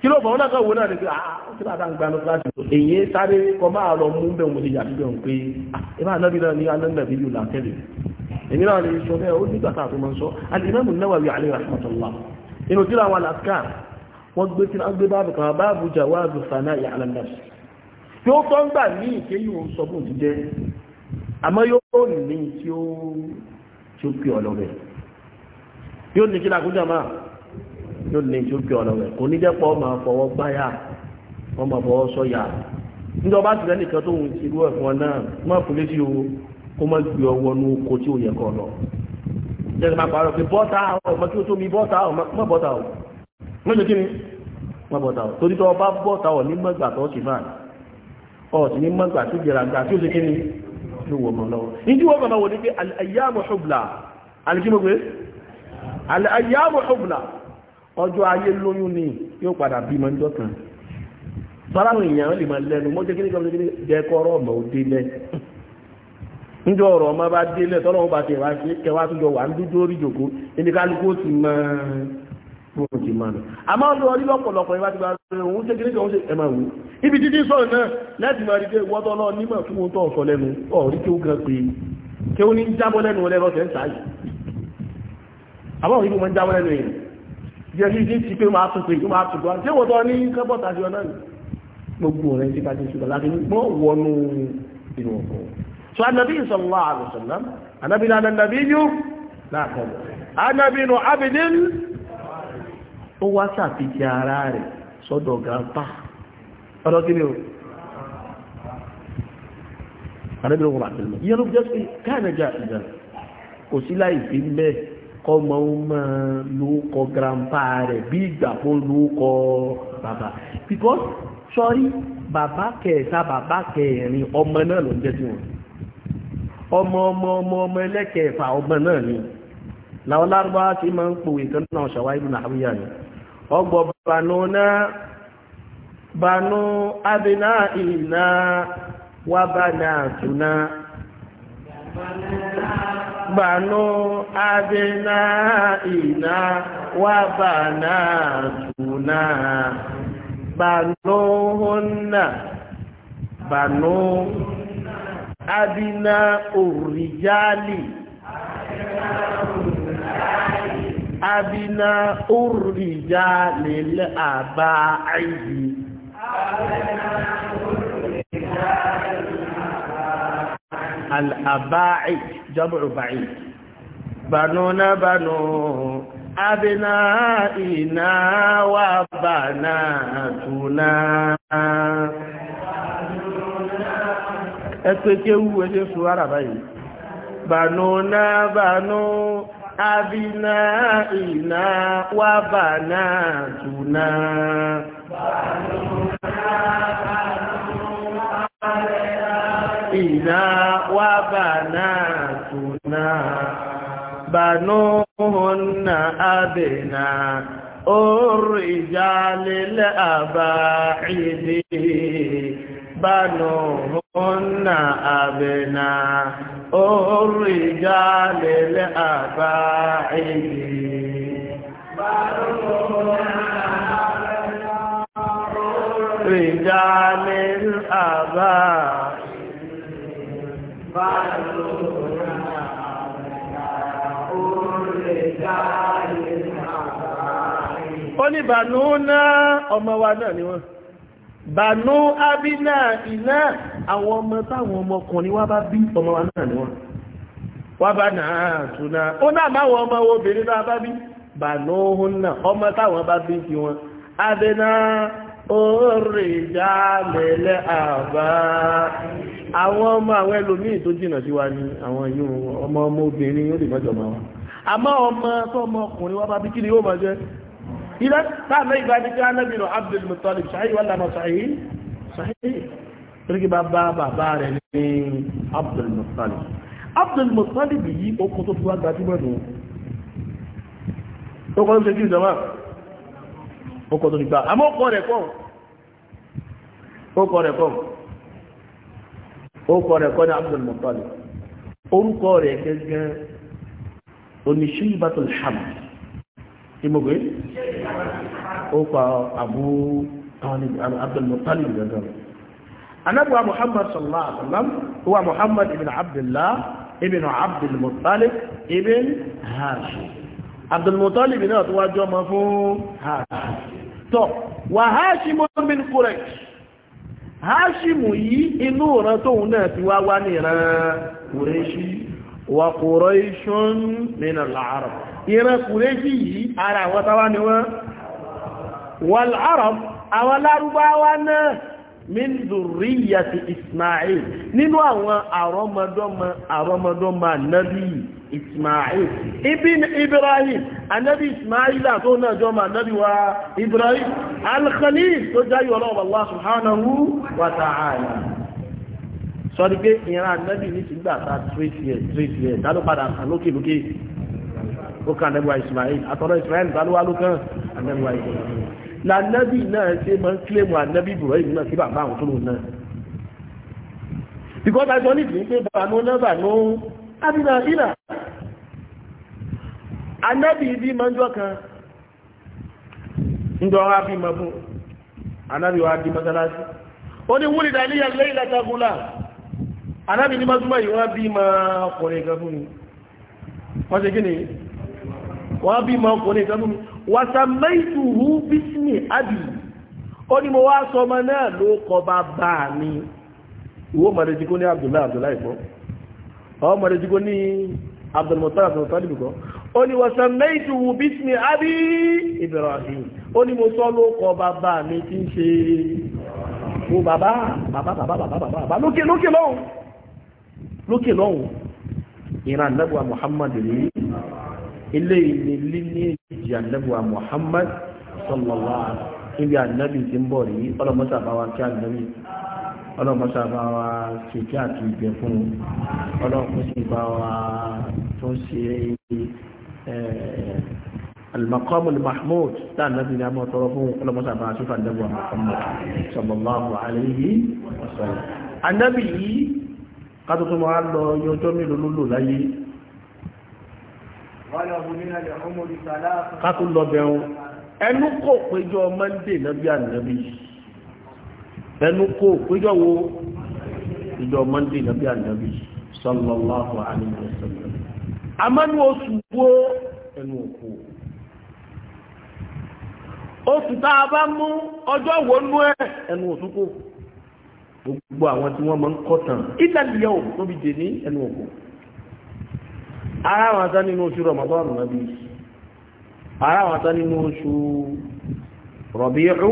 kí ló bọ̀ wọn náà wò náà ni pé ah, ah, ó ti láta ń gbanú kíláàsì tó èyí sáré kọ máa lọ mú bẹ́ẹ̀ mo ti yà síbẹ̀ pé ìbá ah, anábì náà ní anábì yóò là tẹ́lẹ̀ èmi náà lè sọ bẹ́ẹ̀ ó nígbà tá a tó máa ń sọ alìmọ́mù Nawawi alayhi rahmatullah inú yóò ní ìjókè ọ̀nà rẹ̀ kò ní jẹ́ pọ̀ máa fọwọ́ gbáyà wọ́n máa fọwọ́ sọ̀yà níjọba ti lẹ́nìkan tó ń irú ẹ̀fọn náà má fún létí o kó má gbé ọwọ́ ní oko tí ò yẹ kọ́ lọ. jẹ́sẹ̀ máa parọ́ pé bọ́tà ọmọ tí ó tóbi bọ́tà ọmọ bọ́tà o mọ́jọ kí ni má bọ́tà o torí tó ọba bọ́tà ọ̀ ní mọ́gbà tó ti fà ọ̀ sì ní mọ́gbà tó jẹrà gbà tí ó ṣe kí ni ló wọ̀ mọ́ lọ́wọ́. ìdí wọ́n bàbá wò ní pé àyàmù hubla àlùkí mo pé àyàmù hubla ọjọ́ ayé lóyún ni yóò padà bímọ ma kan fáráhùn èèyàn lè máa lẹ́nu mọ́jẹ́ kí ní kan jẹ́ kọ́rọ̀ ọmọ níjọ́ ọ̀rọ̀ ọmọ bá délẹ̀ tọ́lọ́ wọn bá tẹ̀ kẹwàá tó jọ wà ń dúdú orí jòkó kálukú ti mọ bóun ti nù àmọ́ ọdún lọ́pọ̀lọpọ̀ ìwà ti bá rẹ̀ òun jẹ́lí ní ti pé máa tún pé máa tún gbọ́n tí wọ́n tọ́ ní kẹ́bọ̀tà sí ọ̀nà ní gbogbo rẹ̀ ti kájí ṣùgbọ́n láti mọ́ wọnú inú ọ̀pọ̀ so anabi sallallahu alaihi wasallam anabi na anabi yóò láàkọ̀ọ̀ anabi nù abidin ó wá sàfihì ara rẹ̀ sọ́dọ̀ gàpá ọ̀dọ̀ kí ni o kọ́mọ ń máa lóókọ grandpa rẹ̀ bí ìgbà fún lóókọ bàbá because sorry bàbá kẹta bàbá kẹrin ọmọ náà ló ń jẹ́ sí wọn ọmọ ọmọ ọmọ ọmọ ẹlẹ́kẹ̀ẹ́fà ọmọ náà ni làwọn lárúbáwá ti máa ń pòwe kan náà ṣàwáyé ìlú nàìjíríà ni ọgbọ̀ bànú náà bànú abiná ìná wà bá náà tún náà. بنو أبنائنا وبناتنا بنوهن بنو أبناء الرجال أبناء الرجال الأباعي أبناء الرجال al-aba'i jam'u ba'i banuna banu abina'ina wa banatuna ẹ̀pẹ́ tí ó wú ẹjẹ́ sọ ara báyìí banuna banu abina ina wa banatuna banuna banu abina بنينا وبناتنا بنوهن أبنا الرجال الأباعد بنوهن أبنا الرجال الأباعد رجال الأباعد ó ní bànú náà ọmọ wa náà ni wọ́n bànú ábínà iná àwọn ọmọ táwọn ọmọkùnrin wá bá bí ọmọ wa náà ni wọ́n wá bá náà túnà ó náà máwọn ọmọ obìnrin náà bá bí bànú náà ọmọ táwọn bá bí ti wọn ábínà الرجال الآباء àwọn ọmọ àwọn ẹlòmíì tó jìnà sí wa ní àwọn yóò ọmọ ọmọ obìnrin ó lè mọ́jọ máa wọn àmọ́ ọmọ tó ọmọ ọkùnrin wá bá bí kí ni yóò máa jẹ́ ilẹ̀ táàmì ìgbà ní kí anábì nù Abdul Muttalib sahih wà lánà sahih sahih torí bá bá bàbá orúkọ rẹ̀ kọ́ orúkọ rẹ̀ kọ́ ní Abdul Muttalib orúkọ rẹ̀ gẹ́gẹ́ oníṣíbàtò ṣàmù tí mo gbé orúkọ Abu Abdul Muttalib gẹ́gẹ́ anabuwa Muhammad sallallahu alaihi wasallam huwa Muhammad ibn Abdullah ibn Abdul Muttalib ibn Hashim Abdul Muttalib náà tó wájú ọmọ fún Hashim tó wà Hashim min Quraysh Háṣìmù yìí inú ìran tóun náà ti wá wá ní ìran Kùrẹ́ṣí wà Qurayshun nínú al ìran Kùrẹ́ṣí yìí ara àwọn táwa ni wọ́n wal-Arab àwọn lárúbáwá náà min zurriyati ismail nínú àwọn àrọmọdọ́mọ àrọmọdọ́mọ anabi ismail ibn ibrahim anabi ismail àtó náà jọmọ anabi wa ibrahim alkhalil tó jáyọ ọlọ́wọ́ allah subhanahu wa ta'ala sọ́rí pé ìran anabi ní ti gbà ta tírètì ẹ̀ tírètì ẹ̀ dáló padà kàn lókè lókè ó kàn anabi wa ismail àtọ́rọ ismail dáló wá lókàn anabi wa ibrahim Na lànàbì náà ṣe máa ń kílèmù ànàbì Ibrahim náà sí bàbá àwọn tó lò náà because i don't need to pay bàánú náà bàánú abina ina anabi bí máa ń jọ kan ń dọ́ wá máa fún ànàbì wa di mọ́sálásí ó ní wúlì dání yà lẹ́yìn látàkùnlá ànàbì ní mọ́túmọ̀ yìí wọ́n bí máa ọkùnrin kan fún mi wọ́n ṣe kí ni wọ́n bí máa ọkùnrin kan fún mi wàsàmẹ́ìtùhù bísmì àbí ó ní mo wá sọmọ náà ló kọ bàbá mi ìwọ mọ̀rẹ̀ jíkó ní abdullahi abdullahi kọ́ ọ mọ̀rẹ̀ jíkó ní abdulmutalib abdulmutalib kọ́ ó ní wàsàmẹ́ìtùhù bísmì àbí ibrahim ó ní mo sọ ló kọ bàbá mi tí ń ṣe wo bàbá bàbá bàbá bàbá bàbá lókè lókè lọ́hùn lókè lọ́hùn ìran nàbùwà muhammadu ní eléyìí ni líní èjì ànábì wa Muhammad sallallahu alaihi wasallam níbi ànábì tí ń bọ̀ rí ọlọ́mọ́sà bá wa kí ànábì ọlọ́mọ́sà bá wa ṣèké àti ìgbẹ́ fún un ọlọ́mọ́ sì bá wa tó ṣe المقام المحمود كان الذي نعم طرفه كل ما سبع شوف النبي محمد صلى الله عليه وسلم النبي قد تمر له يوم لولو لاي kátó lọ bẹ̀rún ẹnu kò péjọ mọ́ndé lọ́bí ànábì ẹnu kò péjọ wo ìjọ mọ́ndé lọ́bí ànábì sallallahu alaihi wasallam amánú oṣù wo ẹnu òkú oṣù tá a bá mú ọjọ́ wo nú ẹ ẹnu òtúkù gbogbo àwọn tí wọ́n máa ń kọ́ tàn ìtàlíyà ò tóbi dè ní ẹnu òkú ara wọn tán nínú oṣù rọmọdọ́nù náà bí ara wọn tán nínú oṣù rọ̀bíọ́lù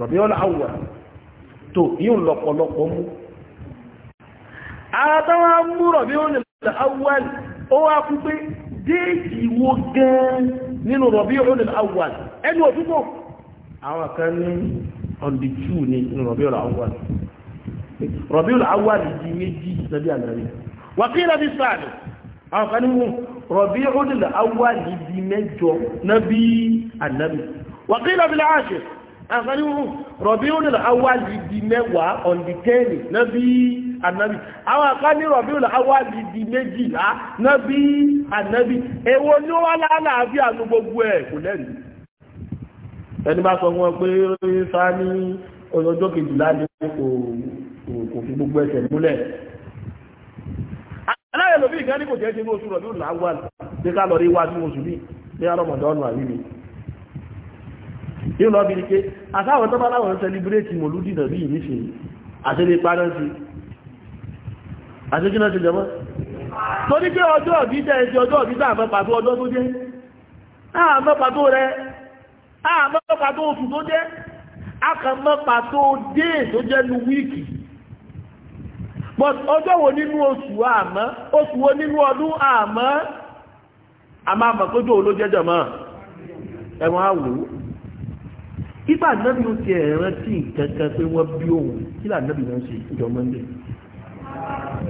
rọ̀bíọ́lù àwọ̀ tó yíò lọ́pọ̀lọpọ̀ mú ara tán wọ́n mú rọ̀bíọ́lù àwọ̀ ó wá kú pé déèjì wo gan nínú rọ̀bíọ́lù àwọ̀ ẹni òtútù àwọn kan ní ọ̀dì ní rọ̀bíọ́lù àwọ̀ rọ̀bíọ́lù àwọ̀ di méjì nàbí àgbàrí wàkílà bí sáàdù àwọn kan nínú rọ̀bí ọdúnlẹ̀ awà níbi mẹ́jọ nábí ànábì wàkílá bí láàṣẹ àwọn kan nínú rọ̀bí ọdúnlẹ̀ awà níbi mẹ́wàá on the ten nábí ànábì àwọn kan ní rọ̀bí ọdúnlẹ̀ awà níbi méjìlá nábí ànábì èwo ni ó wá láàlàáfíà ní gbogbo ẹ̀ kò lẹ́nu kọ́lẹ̀ lóbi ìgbẹ́ ní kò jẹ́ sínú oṣù rọ̀bí òlà wà ní ká lọ rí wá sínú oṣù míì ní arọ́mọdọ́nù àríwí yóò lọ bí i pé àtàwọn tó bá láwọn ń sẹlibrétì mòlúdì náà bí I sèyí àti lè paná sí àti kí náà ti jẹmọ́ torí pé ọjọ́ ọ̀bí jẹ́ ẹjọ́ ọjọ́ ọ̀bí tá àmọ́ pàtó ọjọ́ tó jẹ́ àmọ́ pàtó rẹ àmọ́ pàtó oṣù tó jẹ́ àkàmọ́ pàtó dé tó jẹ́ nu wíìkì but ọjọ́ wo nínú oṣù àmọ́ oṣù wo nínú ọdún àmọ́ àmà àmọ̀kójú olójẹ́jọ mọ́ ẹ̀wọ̀n àwò ìgbà náàbì ó ti ẹ̀rẹ́ tí ìkẹ́kẹ́ pé wọ́n bí òun kí là náàbì wọ́n ṣe ìjọ mọ́ndé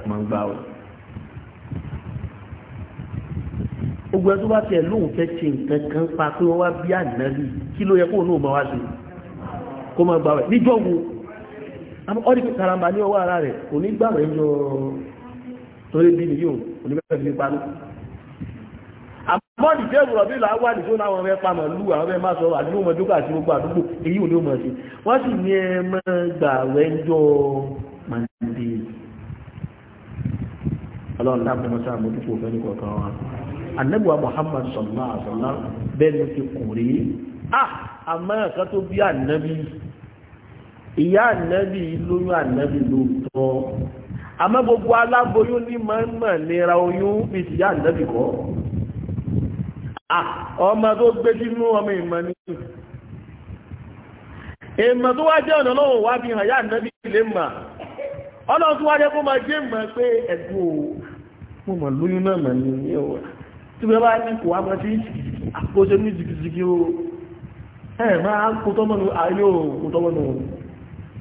mọ́ ń gbà ọ́ ogun ẹ̀ tó bá tiẹ̀ lóun fẹ́ ṣe nǹkan kan pa pé wọ́n wá bí ànábì kí ló yẹ kó náà máa wá ṣe kó máa gbà wẹ̀ níjọ́ wo ọdí pé karamba ní ọwọ́ ara rẹ̀ onígbàwẹ̀ ń jọ torí bí ni yóò onígbàwẹ̀ fi pa ní. àmọ́ ìjẹ́ ìwúrọ̀ bí ìlà wà nìṣó láwọn ọmọ ẹ̀pá màlú àwọn ọmọ ẹ̀má sọ àdúgbò mọ̀ dúkà sí gbogbo àdúgbò èyí ò ní mọ̀ sí wọ́n sì ní ẹ mọ́ gbàwẹ̀ ń jọ màndé ọlọ́run láàbùn mọ́sá àmójútó òfin ní kọ̀ọ̀kan wa annabuwa muhammad sallallahu alaihi wasallam bẹ́ẹ̀ ló ti kùrí ah àmọ́ ẹ̀ka tó bí ànábì ìyá ànábì lóyún ànábì lóòótọ́ àmọ́ gbogbo aláboyún ní mọ̀ọ́mọ̀ nira oyún bí ti ìyá ànábì kọ́ ọmọ tó gbé sínú ọmọ ìmọ̀ ní ìmọ̀ tó wá ọ̀nà lọ́wọ́ wá bí hàn ànábì lè mà ọlọ́run tó je kó máa jẹ́ mọ̀ pé ẹ̀dùn o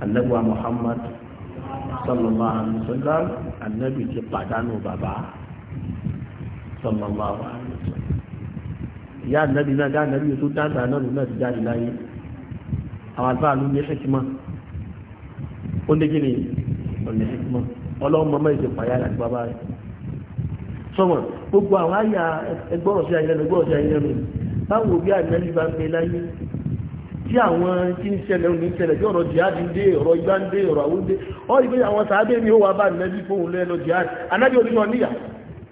anabiwa muhammad sallallahu alayhi wa sallam anabi ti pàdánù bàbá sallallahu alayhi wa sallam ìyá anabi náà dá anabi tó dáadáa náà lòun náà ti jáde láyé àwọn àlùfáà ló ní hekima ó ní kí ni ó ní hekima ọlọ́run mọ́mọ́ ìṣe pàyà àti bàbá gbogbo àwọn àyà ẹgbọ́rọ̀ sí ayẹyẹ ẹgbọ́rọ̀ sí ayẹyẹ báwo bí anabi bá ń gbé láyé tí àwọn tí ń ṣẹlẹ̀ òní ṣẹlẹ̀ bí ọ̀rọ̀ jihadi ń dé ọ̀rọ̀ igbá ń dé ọ̀rọ̀ àwọn ń dé ọ́ ìgbé àwọn sàábẹ́ mi ó wà bá nẹ́bí fóun lẹ́nu jihadi anábì oníyàn níyà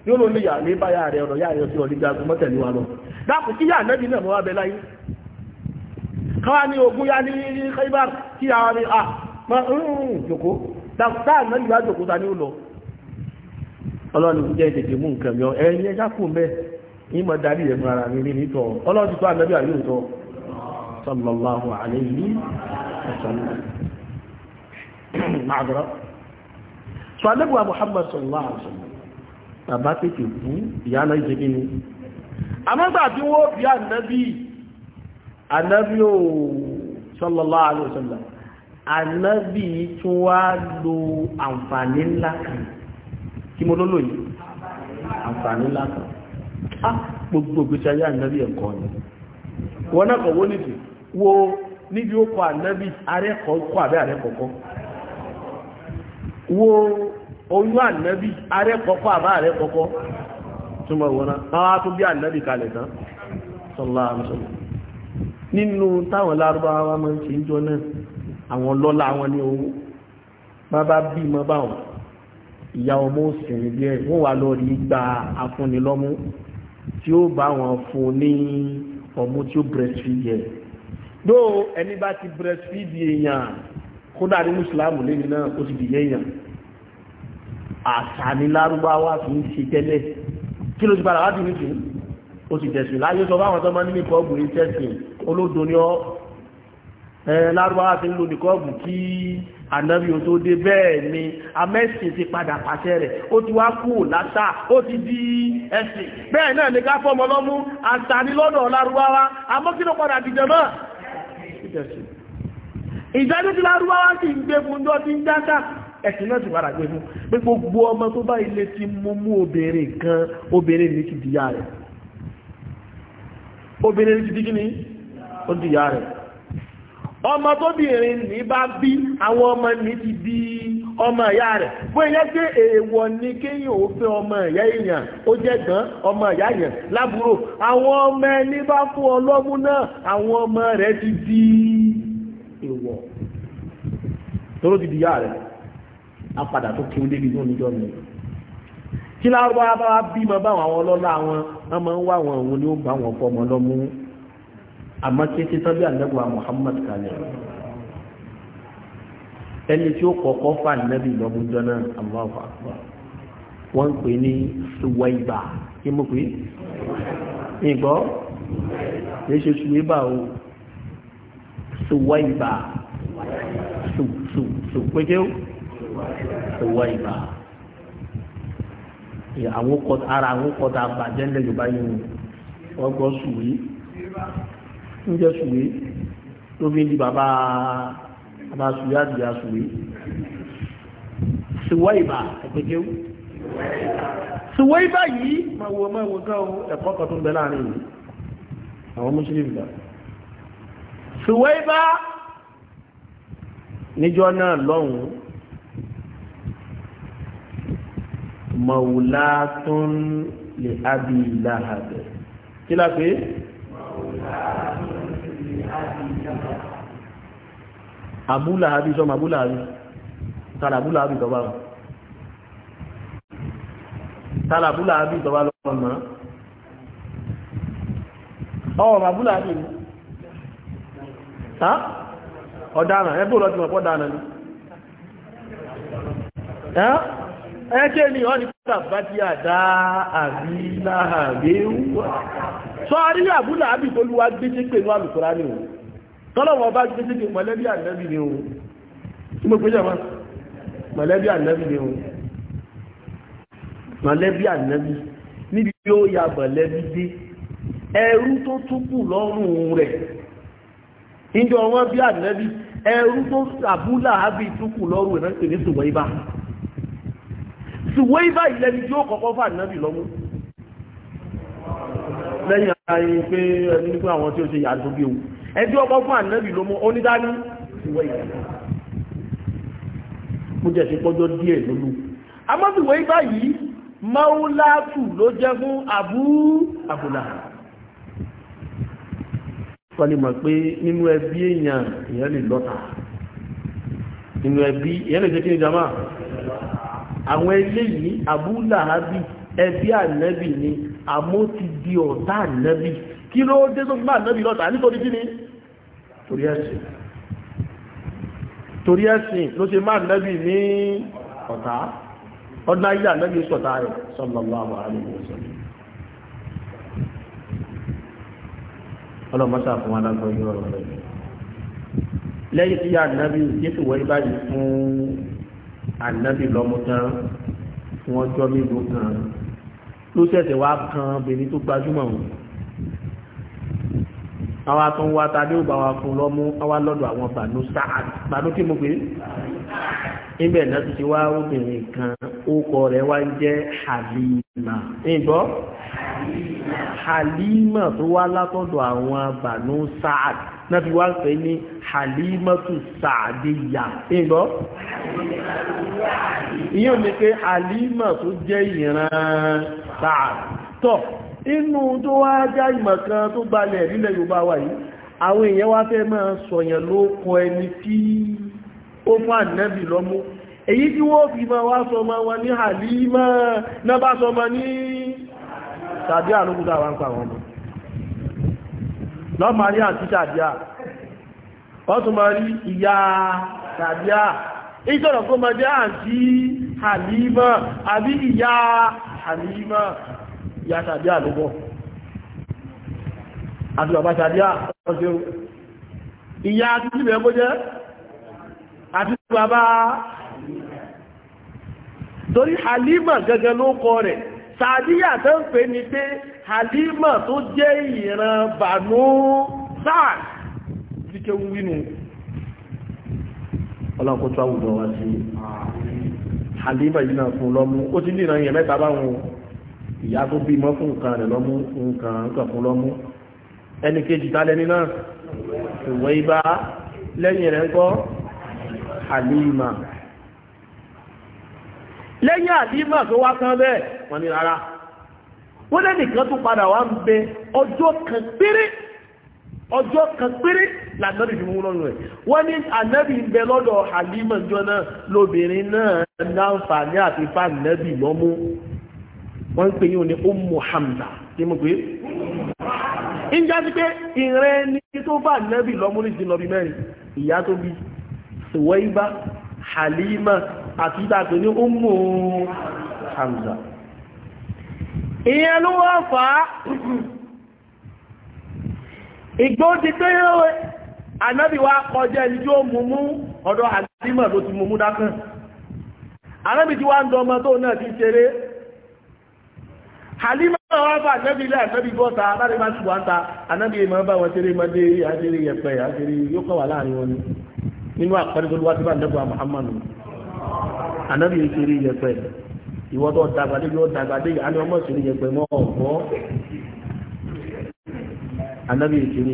ní ó ló níyà ní báyà rẹ̀ ọ̀rọ̀ yà rẹ̀ sí ọ̀lẹ́gbẹ̀ agun mọ́tẹ̀lú wa lọ dákùn kí yà nẹ́bí náà mọ́ wá láyé káwá ní ogun yá ní káyíbá kí a rí a mọ́ jòkó táà náà ìlú àjòkó ta ní ó lọ ọlọ́run jẹ́ ìtètè mú nǹkan yọ ẹ̀yìn ẹjá kù mẹ́ ìmọ̀ ti tó ànábì sallallahu alayhi wa sallam ma'adara so alẹ́gbà muhammad sallallahu alayhi wa sallam bàbá tètè bú ìyá náà jẹ́ kí ni àmọ́gbà tí wọ́n bí ànábì ànábì ò sallallahu alayhi wa sallam ànábì tún wá lo àǹfààní ńlá kan kí mo lólò yìí àǹfààní ńlá kan ah, gbogbo ìgbésí ayé ànábì ẹ̀kọ́ ni wọ́n náà kọ̀wọ́ nìtì wo níbi ó kọ ànábì arẹ́kọ̀ọ́ kọ́ àbẹ́ arẹ́kọ̀ọ́kọ́ wo oyún ànábì arẹ́kọ̀ọ́kọ́ àbá arẹ́kọ̀ọ́kọ́ túnmọ̀ wọ́n náà tó bí ànábì kalẹ̀ tán sallallahu alaihi wasallam nínú táwọn lárúbáwá máa ń ṣe ń jọ náà àwọn lọ́lá wọn ní owó bá bá bí mọ́ báwọn ìyá ọmọ òsìnrin bí ẹ wọ́n wà lọ rí gba afúnnilọ́mú tí ó bá wọn fún ní ọmú tí ó breastfeed yẹ dó ẹni bá ti breastfeed èèyàn kódà ní mùsùlùmí lẹ́ni náà ó sì di yẹ́yàn àṣà ní lárúbáwá fi ń ṣe tẹ́lẹ̀ kí ló ti padà wá dùn nìkan ó sì tẹ̀sùn láyé sọ fáwọn tó máa ń ní kọ́ọ̀bù ní tẹ̀sùn olódo ni ọ́ lárúbáwá ti ń lo nìkọ́ọ̀bù kí ànábì o tó dé bẹ́ẹ̀ ni amẹ́sìn ti padà pàṣẹ rẹ̀ ó ti wá kú lásà ó ti di ẹ̀sìn bẹ́ẹ̀ náà ní ká fọ́mọ lọ́mú àṣà ní lọ́dọ̀ padà dìjọ náà ìjọsìn ìjọsìn tí lárúbáwá sì ń gbé fún jọ ń ẹ̀sìn náà fún pé gbogbo ọmọ tó bá ilé ti mú mú obìnrin kan obere ní ti rẹ̀ obìnrin ní ti ní bá bí àwọn ọmọ ní ti ọmọ ìyá rẹ̀ bó yẹ pé èèwọ̀ ni kéèyàn ò fẹ́ ọmọ ìyá èèyàn ó jẹ́ gan ọmọ ìyá yẹn lábúrò àwọn ọmọ ẹni bá fún ọlọ́mú náà àwọn ọmọ rẹ̀ ti di èèwọ̀ tóró ti di ìyá rẹ̀ apadà tó kí ó débi ní oníjọ́ mi kí lárúbá bá bímọ báwọn àwọn ọlọ́lá wọn wọ́n máa ń wá àwọn òun ni ó bá wọn fọmọ lọ́mú àmọ́ kí títọ́ bí àlẹ́gbà Muhammad kalẹ̀ ẹni tí ó kọ́kọ́ fà nẹ́bí lọ́múnjọ́ náà Allahu Akbar wọ́n ń pè ní Suwaiba kí mo pè é ìgbọ́ kìí ṣe Suwaiba o Suwaiba su su su pété o Suwaiba àwọn kọ ara àwọn kọ tá a bàjẹ́ ńlẹ̀ Yorùbá yìí wọ́n gbọ́ sùwé ń jẹ́ sùwé ló fi ń di bàbá àbá sùúyà àti ìyá sùúyì sùwọ́ ìbà ẹ̀pẹ̀jẹ́ sùwọ́ ìbà yìí máa wọ ọmọ ìwọ̀n kan ẹ̀kọ́ kan tó ń bẹ láàrin yìí àwọn lè ábí láhàbẹ̀ kí lápé mọ̀wùlátún lè ábí láhàbẹ̀ abúláàbí sọmọ abúláàbí tààlà abúláàbí tọba lọ tààlà abúláàbí tọba lọ ọmọ ọmọ abúláàbí ni ọ̀daràn ẹgbẹ́ olóòtú ọ̀pọ̀ dáadáa ni ẹgbẹ́ ni ọ́ ni pẹ́lá bá ti àdá àbíláàbí wà sọ àríyàbúláàbí tó lúwá gbé tọ́lọ̀wọ̀ bá gbé síkè mọ̀lẹ́bí ànẹ́bì ni ohun tí mo pèjọ máa mọ̀lẹ́bí ànẹ́bì ni ohun mọ̀lẹ́bí ànẹ́bì níbi tí ó ya mọ̀lẹ́bí dé ẹrú tó túkù lọ́rùn rẹ̀ níjọ wọn bí ànẹ́bì ẹrú tó àbúlà ábí túkù lọ́rùn rẹ̀ pè ní ṣùgbọ́n ibà ṣùgbọ́n ibà ìlẹ́ni tí ó kọ́kọ́ fà ànẹ́bì lọ́mú lẹ́yìn ara yìí pé ẹni pé àwọn tí ó ṣe yàtọ̀ bí òun ẹni tí ọkọ̀ fún ànábì ló mú onídání ìwé ìgbà mo jẹ́ sí pọ́jọ́ díẹ̀ lólu amọ́bìwé báyìí maulatu ló jẹ́ fún àbú àbùlà wọ́n ni mọ̀ pé nínú ẹbí èèyàn èèyàn lè lọ́ta nínú ẹbí èèyàn lè jẹ́ kí ni jama àwọn eléyìí abúláhábì ẹbí ànábì ni àmọ́ ti di ọ̀tá ànábì kí ló dé tó fún ànábì lọ́ta nítorí kí ni torí ẹ̀sìn torí ẹ̀sìn ló ṣe máa nẹ́bì ní ọ̀tá ọdún ayé ànẹ́bì sọ̀tá rẹ̀ sallallahu alaihi wasallam ọlọ́mọ́sá fún alágbọ́n yóò rọ̀ rẹ̀ lẹ́yìn tí ànẹ́bì yéṣù wọ́n báyìí fún ànẹ́bì lọ́mọ́tán wọ́n jọ́ mélòó kan ló ṣẹ̀ṣẹ̀ wá kan obìnrin tó gbajúmọ̀ wọn àwọn atún wá tàbí ò bá wa fún lọ́mú wá lọ́dọ̀ àwọn bànú sáà bànú kí mo pè é níbẹ̀ náà ti ṣe wá obìnrin kan ókọ rẹ̀ wá jẹ́ Halima ǹgbọ́ Halima tó wá látọ̀dọ̀ àwọn bànú sáà náà fi wá ń ní Halima tó sàdéyà ǹgbọ́ ìyẹn ò ní pé Halima tó jẹ́ ìran sáà tọ́ inú tó wá já ìmọ̀ kan tó gbalẹ̀ nílẹ̀ Yorùbá wà yìí àwọn èèyàn wá fẹ́ máa sọ̀yàn ló kọ ẹni tí ó fún ànẹ́bì lọ́mú èyí tí wọ́n fi máa wá sọmọ wọn ní Halima náà ní tàbí wá ń pa wọn mọ́ àti ìyá ìjọ́rọ̀ kó jẹ́ àti àbí ìyá ìyá sàdíà ló bọ̀ àti bàbá sàdíà ọjọ́ ìyá àti jẹ́ àti bàbá torí Halima gẹ́gẹ́ ló kọ rẹ̀ sàdíà tó ń pè ní pé Halima tó jẹ́ ìran bànú sáà ti kéwú wínú ọlọ́kọ̀tọ́ àwùjọ wá sí Halima yìí náà fún lọ́mú ó ti ní ìran yẹ̀ mẹ́ta báwọn ìyá tó bímọ fún nǹkan rẹ̀ lọ́mú nǹkan nǹkan fún lọ́mú ẹni kejì tálẹ́ni náà ìwọ̀ ibá lẹ́yìn rẹ̀ ń kọ́ àlìmà lẹ́yìn àlìmà tó wá kán bẹ́ẹ̀ wọ́n ní rárá wọ́n lẹ́nì kan tó padà wá ń bẹ ọjọ́ kan péré ọjọ́ kan péré lànàbì fi mú lọ́rùn rẹ̀ wọ́n ní ànàbì ń bẹ lọ́dọ̀ àlìmà jọ náà lóbìnrin náà náà fà ní àti fà nàbì lọ́mú wọ́n ń pè yíò ní Ummu Hamza ní mo pé ń já sí pé ìrẹ́ ní tó bá nẹ́bì lọ́múrísì lọ mẹ́rin ìyá tó bí Suwaiba Halima àti ìdàgbé ní Ummu Hamza ìyẹn ló wá fà á ìgbó ti pé ànábì wa kọjá ẹni tí ó mú ọ̀dọ̀ Halima ló ti mú mú dákàn ànábì tí wá ń dọmọ tó náà ti ṣeré Halima wa ba annabi ilé annabi bọ́ta aláàrin bá ṣùgbọ́n ta annabi ma bá wọn tẹ́rẹ ya àṣírí yẹpẹ àṣírí yóò kọ́ wà láàrin wọn ninu àpẹẹrẹ tó wájú bá annabi Muhammadu annabi ìṣírí yẹpẹ ìwọ́n tó dàgbàdé yóò dàgbàdé àní ọmọ ìṣírí yẹpẹ mọ́ ọ̀gbọ́ annabi ìṣírí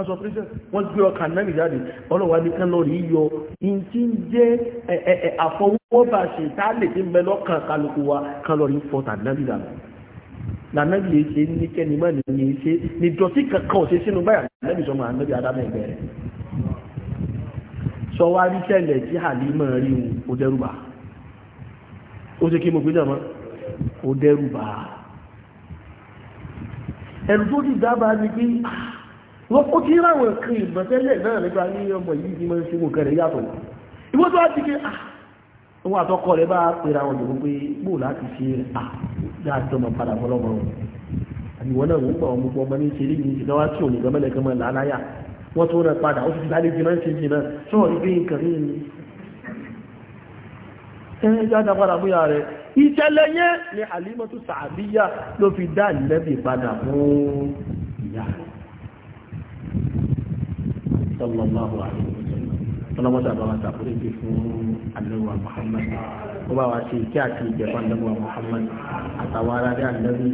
aṣọ prison wọ́n gbé ọkà náà jáde ọlọ́wà ní kán lọ rí yọ in tí ń jẹ́ àfọwọ́bà ṣe tá lè tí ń bẹ lọ́kàn kálukú wa kán lọ rí fọ́tà náà jáde lànàbì yìí ṣe ní kẹ́ni mọ́ ní yìí ṣe ní dọ̀tí kankan òṣè sínú báyà lẹ́bí sọmọ ó ṣe kí mo gbé jàmọ́ ó ẹ̀rù tó ti dábàá ni pé ah, wọ́n kó tí ráwọn kan ìgbọ̀tẹ́lẹ̀ náà nígbà ní ọmọ yìí ti máa ń ṣígun kẹrẹ yàtọ̀ ìwọ́n tó wá ti ké àwọn ah! àtọ́kọ rẹ̀ bá pèrè àwọn òyìnbó pé bó láti ṣe à ah, dáadọ́ mọ̀ padà fọlọ́mọ wọn àbíwọ́n náà wọ́n gbọ́ ọmọ ọmọ ní ṣe léyìn ìṣẹ̀dá wá tí òní gbọ́mọlẹ̀ kan mọ́ làálàyà wọ́n tó rẹ̀ padà ó ti fi lálé jìnnà ṣe jìnnà sọ́ọ̀ ní Halimatu Sa'adiyya ló fi dá ìlẹ́bì padà sallallahu alaihi wa sallam ọlọ́mọdé àbáwá sàkúrò ìdí fún àlẹ́wà Muhammad ó bá wa ṣe kí àti ìjẹ̀fọ́ àlẹ́wà Muhammad àtàwọn ará rí àlẹ́wì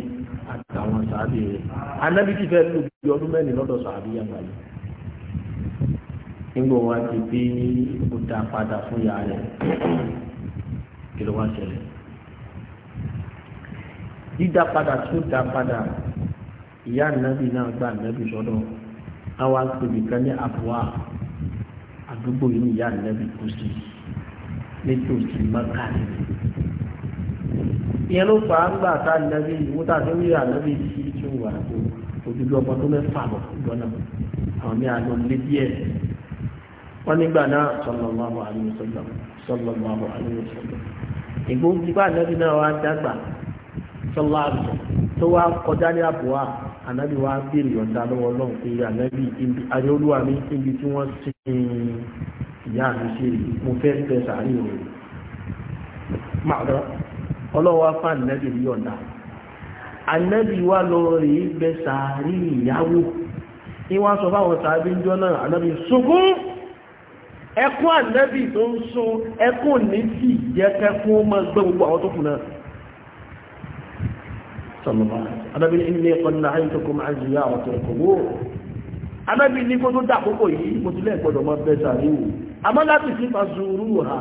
àtàwọn sàábì rẹ̀ àlẹ́wì ti fẹ́ lù bí ọdún mẹ́rin lọ́dọ̀ sàábì yàgbà yìí nígbà wa ti bí ó dá padà fún ìyá rẹ̀ kí ló wá ṣẹlẹ̀ dídá padà tún dá padà ìyá ànábì náà gba ànábì sọ́dọ̀ àwọn agbègbè kan ní àbúwá àdúgbò yìí ìyá ànábì kú sí nítòsí mọ́kà ìyẹn ló fà á ń gbà tá ànábì ìwọ́n tá a ti ń rí ànábì sí tí ó tó ojúlé ọmọ tó mẹ́fà lọ àwọn ní àlọ́ lé díẹ̀ wọ́n nígbà náà sallallahu alaihi wasallam sallallahu alaihi wasallam ìgbóhùn ti bá ànábì náà wá dàgbà sallallahu alaihi wasallam tó wá kọjá ní àbúwá anabi wa bèrè yọ̀ǹda lọ́wọ́ ọlọ́run pé anabi ibi ayọ́lúwa mi ibi tí wọ́n sin ìyá mi ṣe rè mo fẹ́ fẹ́ sàárè rẹ̀ màdọ́ ọlọ́wọ́ afá anabi rí yọ̀ǹda anabi wa lọ rè é bẹ sàárè ìyàwó ní wọ́n sọ fáwọn sàárè ń jọ náà anabi sunkún ẹkún anabi tó ń sun ẹkún ní sì jẹ́ kẹ́kún mọ́ gbẹ́ gbogbo àwọn tó kù náà sọlọ́mọ́ adábí ní ilé ẹ̀kọ́ nínú àyíkọ́ kó máa ń yí àwọn tó ẹ̀kọ́ wó adábí ní kó tó dà àkókò yìí mo ti lẹ́ẹ̀kọ́dọ̀ mọ́ bẹ́ẹ̀ sàrí wò àmọ́ láti sí fa zuru ha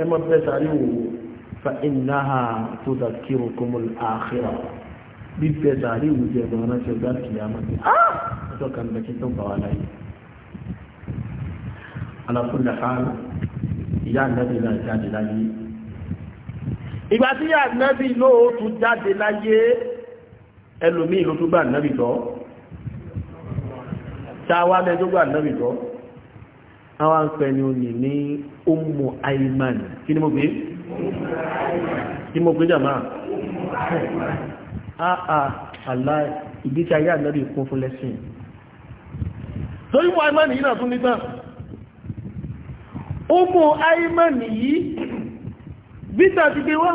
ẹ mọ́ bẹ́ẹ̀ sàrí wò fa innaha tudhakkirukumul akhirah bí bẹ́ẹ̀ sàrí wò jẹ́ bọ́ ránṣẹ́ gbá kìyàmọ́ ni á ah! ọjọ́ kan bẹ́ẹ̀ kí tó bá wà láyé ala kulli hal ìyá àgbẹ̀dẹ̀ náà jáde láyé ìgbà tí ànábì lóòótú jáde láyé ẹlòmíì ló tún gbà ànábì tọ́ ṣáwálẹ̀ tó gbà ànábì tọ́ àwọn àpẹ ni ó ní Ummu Ayman kí ni mo gbé kí mo gbé jàmá àà ah, àlá ah, ìgbésí ayé ànábì kún fún lẹ́sìn torí Ummu Ayman yìí náà tún yìí visa ti gbé wá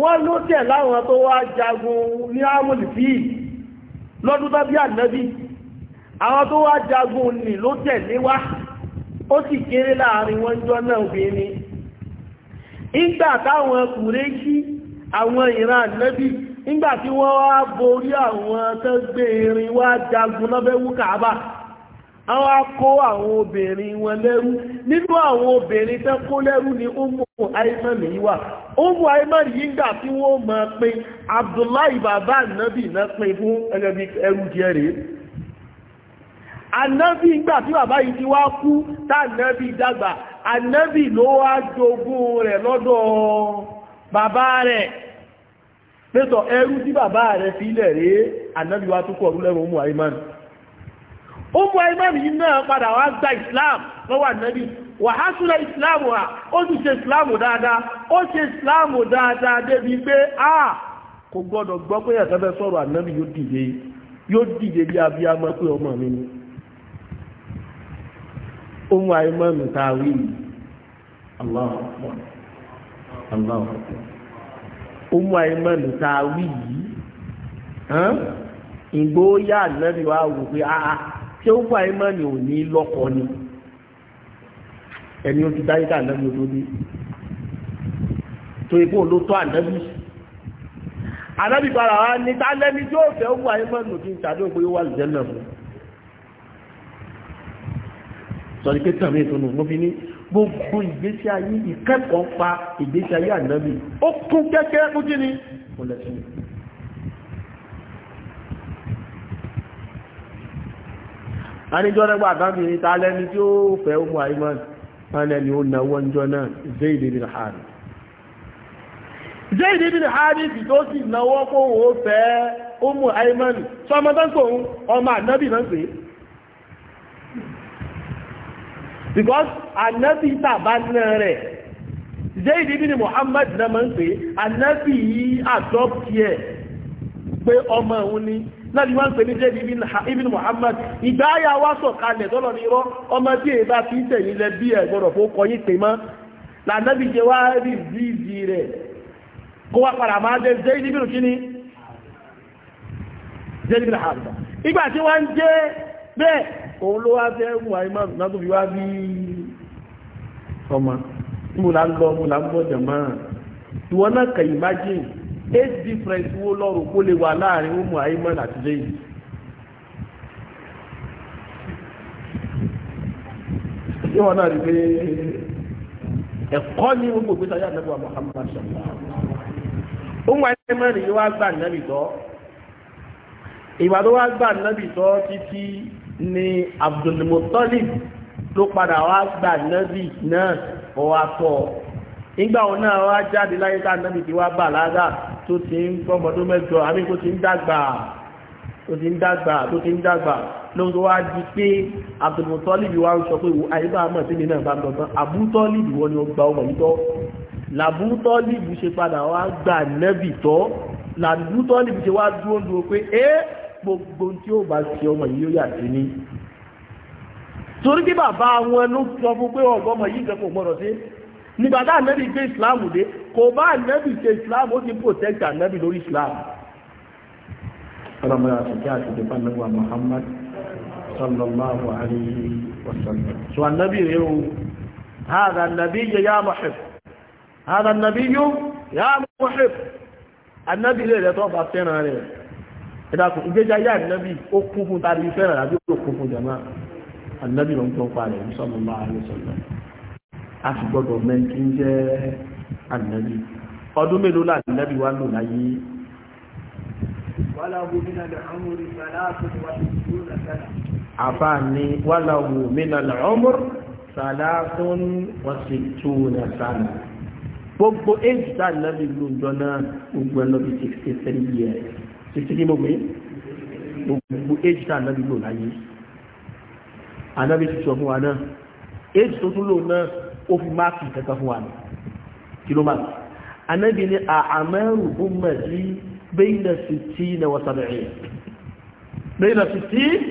wọ́n ló tẹ̀ láwọn tó wá jagun ní amúlì fíì lọ́dún tó bí àwọn tó wá jagun nì ló tẹ̀ níwá ó sì kéré láàrin wọn jọ náà obìnrin ìgbà táwọn àwọn akó àwọn obìnrin wọn lẹ́rú nínú àwọn obìnrin tán kó lẹ́rú ni Ummu Ayman yìí wà Ummu Ayman yìí ń gbà tí wọ́n máa pín Abdullahi bàbá ànábì náà pín fún ẹgbẹ̀bí ẹrú jẹ́ rèé ànábì ìgbà tí bàbá yìí ti wá kú tànábì dàgbà ànábì ló wá jogún rẹ̀ lọ́dọ̀ bàbá rẹ̀ pẹ́tọ̀ ẹrú tí bàbá rẹ̀ fi ilẹ̀ rèé ànábì wá tó kọ̀ ọ̀rú lẹ́rùn Ummu Ayman ụmụ ìmọ̀mí náà padà wá gba islam lọ́wọ́ ànábì wà islam ó ti ṣe islam dáadáa ó ṣe islam dáadáa débi pé a kò gbọ́dọ̀ gbọ́ pé ẹ̀sẹ̀fẹ́ sọ̀rọ̀ ànábì yóò dìde yóò dìde bí pé ọmọ mi ni ọmọ ìmọ̀mí ta wí Allah Allah ọmọ ta ṣé ó wà ìmọ̀ ni ò ní lọ́kọ ni ẹni ó ti dáyé dá ànábì olóde tó ikú ló tọ́ ànábì ànábì bára wa ní tálẹ́ni tí ó fẹ́ ó wà ìmọ̀ ni ò ti ń tàbí òpó yóò wà lùjẹ́ náà fún sọ̀rọ̀ pé tàbí ìtùnú mo fi ní gbogbo ìgbésí ayé ìkẹ́kọ̀ọ́ pa ìgbésí ayé ànábì ó kún kẹ́kẹ́ ó kí ni kò lẹ́sìn aníjọ́ rẹ̀gbà àbámi ìta lẹ́ni tí ó fẹ́ ọmọ àìmọ́n pánẹ́ni ó na wọ́n jọ náà Zaid bin Harith Zaid bin Harith tí tó sì náwọ́ kó wò ó fẹ́ ọmọ àìmọ́n sọmọdánkò ọmọ ànábì náà pé because ànábì tàbá náà rẹ̀ Zaid bin Muhammad náà mọ́ pé ànábì yìí adopt yẹ pé ọmọ òun ni náà ni wọ́n ń pè ní jẹ́ ibn Muhammad ìgbà ayà wá sọ̀kalẹ̀ tọ́lọ̀ ní irọ́ ọmọ tí èyí bá fi ń tẹ̀yìn lẹ bí ẹ̀ gbọ́dọ̀ fó kọ yín tèmọ́ lànàbí jẹ wá rí ìdí rẹ̀ kó wá padà máa jẹ jẹ́ ibn kíní jẹ́ ibn Hamza ìgbà tí wọ́n ń jẹ́ bẹ́ẹ̀ òun ló wá fẹ́ wù àìmọ́ náà tó wá bí ọmọ mo ń lọ mo ń bọ̀ jẹ̀mọ́ ìwọ náà kẹ̀yìn má jìn age difference wo lọ́rùn kó lè wà láàrin umu aiman àti zayn ṣé wọn náà rí pé ẹ̀kọ́ ní gbogbo ìgbésẹ̀ ayé àdàbọ̀ Muhammad sọ̀rọ̀ umu aiman yìí wá gbà nábì tọ́ ìgbà wá gbà nábì tọ́ títí ni Abdul Muttalib ló padà wá gbà nábì náà ọwọ́ akọ́ ìgbà òun náà wá jáde láyé tá nábì tí wá bà lágà tó ti ń gbọ́mọdún mẹ́jọ àmì kó ti ń dàgbà tó ti ń dàgbà tó ti ń dàgbà lóhun tó wá di pé Abdulmutalibi wá ń sọ pé àyíká àmọ́ sí mi náà bá ń wọ́n ni ó gba ọmọ yìí tọ́ làbútọ́lìbù ṣe padà wá gbà nẹ́bì tọ́ làbútọ́lìbù ṣe wá dúró dúró pé é gbogbo tí ó bá ṣe ọmọ yìí ó yà sí ní torí kí bàbá wọn ló sọ fún pé ọgọ́mọ yìí gẹ́kọ̀ọ́ gbọ́dọ̀ sí nígbà tá ànábì gbé islam dé kò bá ànábì ṣe islam ó ti protect ànábì lórí islam. ọlọ́mọdé àtúntí àtúntí fanagba muhammad sallallahu alayhi wa sallam. sọ ànábì rẹ o hàdà ànábì yẹ yá muhib hàdà ànábì yó yá muhib ànábì rẹ rẹ tó bá fẹ́ràn rẹ ìdàkùn ìgbéjà yá ànábì ó kún fún tàbí fẹ́ràn àbí ó kún fún jama ànábì ló ń tó ń pa rẹ̀ sọ́nà máa ń sọ̀rọ̀ a sì gbọ́dọ̀ mẹ́tí ń jẹ́ ànábì ọdún mélòó láti ànábì wá lò láyé àbá ní wàláwò mínàlá ọmọ sàlátún wàsìtúnà sàlá gbogbo éjì tá ànábì lóòjọ́ náà gbogbo ẹlọ́bí 63 years 63 gbogbo gbogbo éjì tá ànábì lò láyé ànábì ti sọ fún wa náà éjì tó tún lò náà ó fi máàkì kankan fún wa ní kí ló máàkì anábì ní àmẹ́rù ummati bayna sittina wa sab'in bayna sittina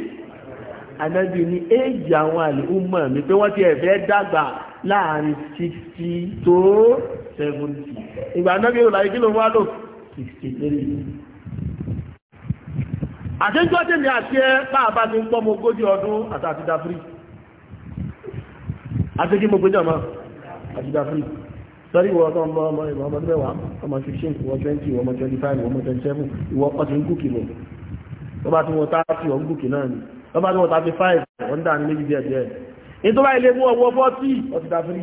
anábì ní éèjì àwọn àlùmọ̀ mi pé wọ́n ti ẹ̀fẹ́ dàgbà láàrin sixty tó seventy ìgbà anábì ò láyé kí ló wá lò sixty three àtẹ́jọ́ tèmi àti ẹ́ bá a bá ti ń pọ́ mọ ogójì ọdún àtàtìdá free àtẹ́kí mo gbẹ́jọ́ máa àjídá fún sọ́rí ìwọ ọ̀tọ́ ọmọ ọmọ ìwọ ọmọ mẹ́wàá ọmọ 15 ìwọ 20 ìwọ ọmọ 25 ìwọ ọmọ 27 ìwọ ọkọ̀ tí ń gùnkì lọ tó bá tí wọ́n tá sí náà ni tó bá tí wọ́n tá sí 5 wọ́n dà ní méjì díẹ̀ díẹ̀ ní tó bá ilé mú ọwọ́ 40 ọtí dá fún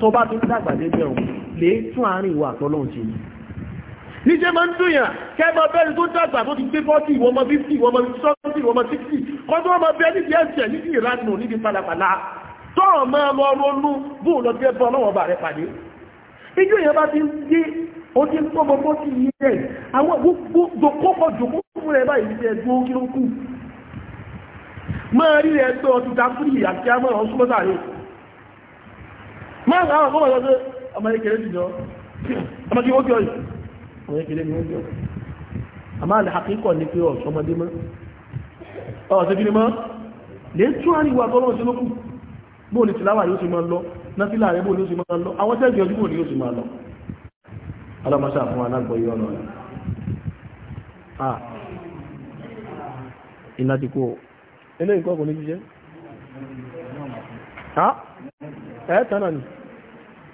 tó bá tí ń dàgbà dé bẹ̀rù lè tún àárín ni níṣẹ́ máa ń dùnyàn kẹ́mọ bẹ́ẹ̀ni tó dàgbà tó ti gbé 40 ìwọ ọmọ 50 ìwọ ọmọ 60 ìwọ ọmọ 60 kọ́ tó wọ́n máa bẹ́ẹ̀ níbi ẹ̀sẹ̀ níbi tọ́rọ̀ máa lọ ronú bóò lọ jẹ́ bọ́ lọ́wọ́ bà rẹ pàdé ijú èèyàn bá ti ń gbé ó ti ń tọ́ gbogbo sí iye rẹ̀ àwọn gbogbo jòkókò jòkó fún rẹ̀ báyìí ti ẹ̀dùn kí ló kù máa rí rẹ̀ pé ọtí dákúrì àti àmọ́ ọ̀hún súnmọ́ sáré máa láwọn ọmọ ọ̀dọ́ ọmọ ìkèrè jùlọ ọmọ kí wọ́n kí ọ̀yọ́ ọmọ ìkèrè ni wọ́n kí ọ̀yọ́ àmọ́ àlẹ́ àkíkọ̀ ni pé ọ̀ṣọ́mọdé mọ́ ọ̀ṣẹ́ kí ni mọ́ lè tún àríwá tọ́lọ́ bóò ní tìláwà yóò sì máa lọ náfílà rẹ̀ bóò ní ó sì máa lọ àwọn tẹ́jì ọdún bóò sì máa lọ alamasa fún alágbọ̀ yìí ọ̀nà à iná ti kú ha ni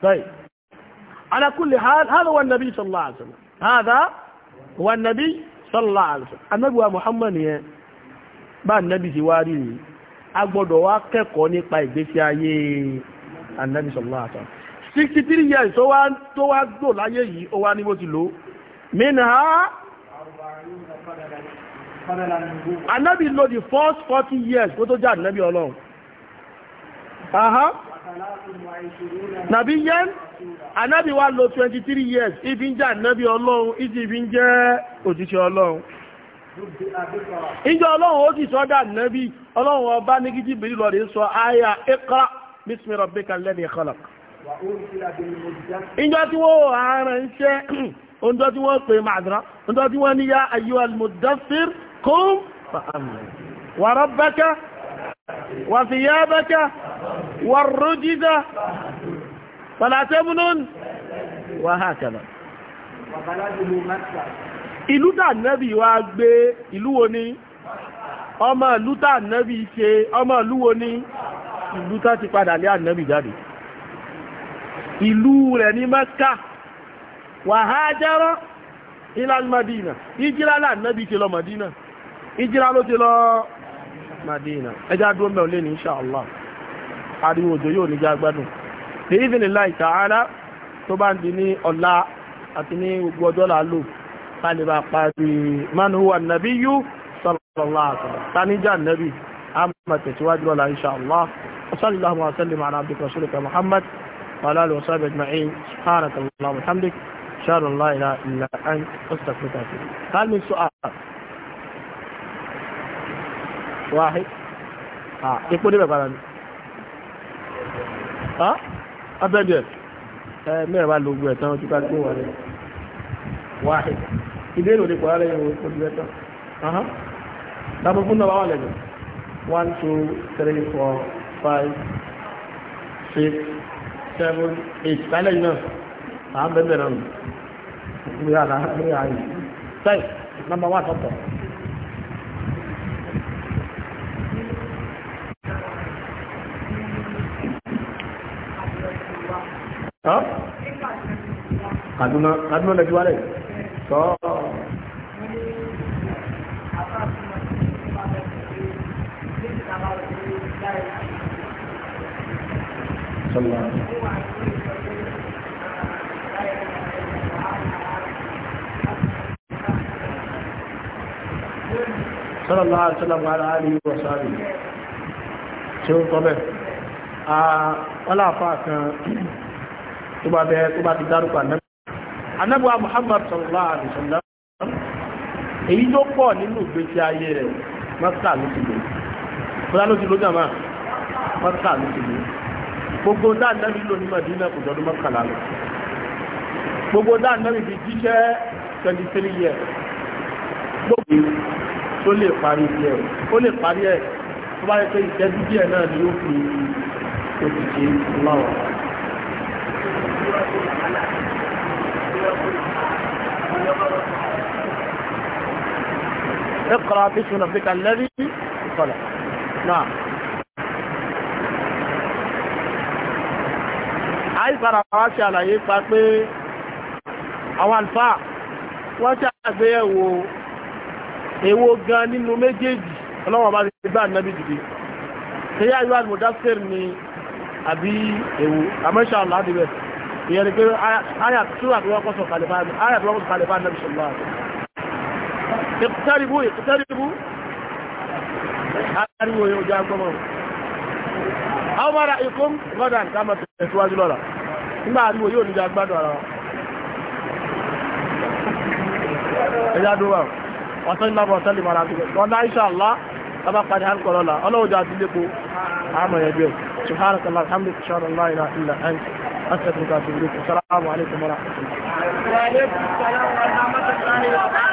báyìí ala kulli hal wa wa muhammad a gbọ́dọ̀ wá kẹ́kọ̀ọ́ nípa ìgbésí ayé anabi sallallahu alaihi wasallam sixty three years tó wá tó wá gbò láyé yìí ó wá ní bó ti lò minha anabi lò the first forty years kó tó jẹ́ anabi ọlọ́run nàbí yẹn anabi wá lò twenty three years ibi ń jẹ́ anabi ọlọ́run ibi ń jẹ́ òjíṣẹ́ ọlọ́run ìjọ ọlọ́run ó sì sọ dà nẹ́bí ọlọ́run ọba ní kí jìbìrì lọ rè sọ àyà iqra bismi rabbikal ladhi khalaq ìjọ tí wọ́n ààrẹ ń ṣẹ́ ọjọ́ tí wọ́n pè màdìrá ọjọ́ tí wọ́n ní yá ayyuha al-muddaththir qum fa'anzir wa rabbaka wa thiyabaka wa ar ìlú tà nẹ́bì gbe gbé ìlú wo ni ọmọ ìlú tà nẹ́bì ṣe ọmọ ìlú ni ìlú ti padà lé ànẹ́bì jáde ìlú rẹ̀ ní Mẹ́kà wàhájẹ́rọ́ ìlànàmàdínà ìjírá lànẹ́bì ṣe lọ Màdínà ìjírá ló ti lọ Màdínà ẹjá dúró mẹ́ olé ní inṣàlá ariwo òjò yóò níjá gbádùn bí ìfìnlẹ̀ láì tó bá ń di ní ọ̀la àti ní gbogbo kálíbà parí man huwa an-nabiyyu sallallahu alaihi wasallam taníjà nàbí àmà tẹ̀síwájú lọ́la insha Allah sallallahu alaihi wasallam ala abdika rasulika muhammad wa ala alihi wa sahbihi ajma'in subhanaka allahumma wa bihamdik ashhadu an la ilaha illa واحد اه يقول ابدا ẹ mẹ́rẹ̀ bá lo wáhì ìbéèrè òde pọ̀ lẹ́yìn olùwẹ́tọ̀ dábọ̀ fún náà wà lẹ́yìn one two three four five six seven eight lálẹ́ yìí náà à ń bẹ̀rẹ̀ náà nù yàrá yàrá yìí sẹ́yìn nọ́mbà wà tọ̀tọ̀. Kaduna Kaduna lẹ́jú wálẹ̀ yìí tọ́ sọ́lá sọ́lọ́lá àtọ́lọ́mà àárí wọ̀sáàrí tí ó tọ́bẹ̀. Ah, wọ́n láàfáà kan tó bá bẹ́ tó bá anábíwá Muhammad sallallahu alaihi wasallam èyí tó pọ̀ nínú ìgbésí ayé rẹ̀ mọ́sá ló ti lò kọ́lá ló ti lò jàmá mọ́sá ló ti lò gbogbo dá nẹ́bí ló ní Madina kò jọdún mọ́kànlá lọ gbogbo dá nẹ́bí fi jíṣẹ́ 23 years gbogbo tó lè parí ẹ̀ ó lè parí ẹ̀ tó bá yẹ pé ìtẹ́jú díẹ̀ náà ni ó fi òkìkí láwọn اقرأ باسم ربك الذي خلق نعم àìsára wá ṣe àlàyé pa pé àwọn àlfà wọ́n ṣe àgbéyẹ̀wò èwo gan nínú méjèèjì ọlọ́wọ̀n bá ti bá ànábì dìde ṣe yá ìwádìí mọ̀dáfẹ́r ni àbí èwo àmọ́ṣà àládìbẹ̀ ìyẹn ni pé àyà tíwà tó wọ́pọ̀ sọ̀kalẹ̀ bá àyà tó wọ́pọ̀ sọ̀kalẹ̀ bá nàbì sọ̀lá ìkútẹ́rìbú ìkútẹ́rìbú ariwo yóò já gbọ́mọ̀ àwọn mara ikún gọ́dà nǹkan mọ̀ tẹ̀síwájú lọ́la nígbà ariwo yóò níjà gbádùn ara wa أستغفرك وأتوب إليك السلام عليكم ورحمة الله وعليكم السلام ورحمة الله وبركاته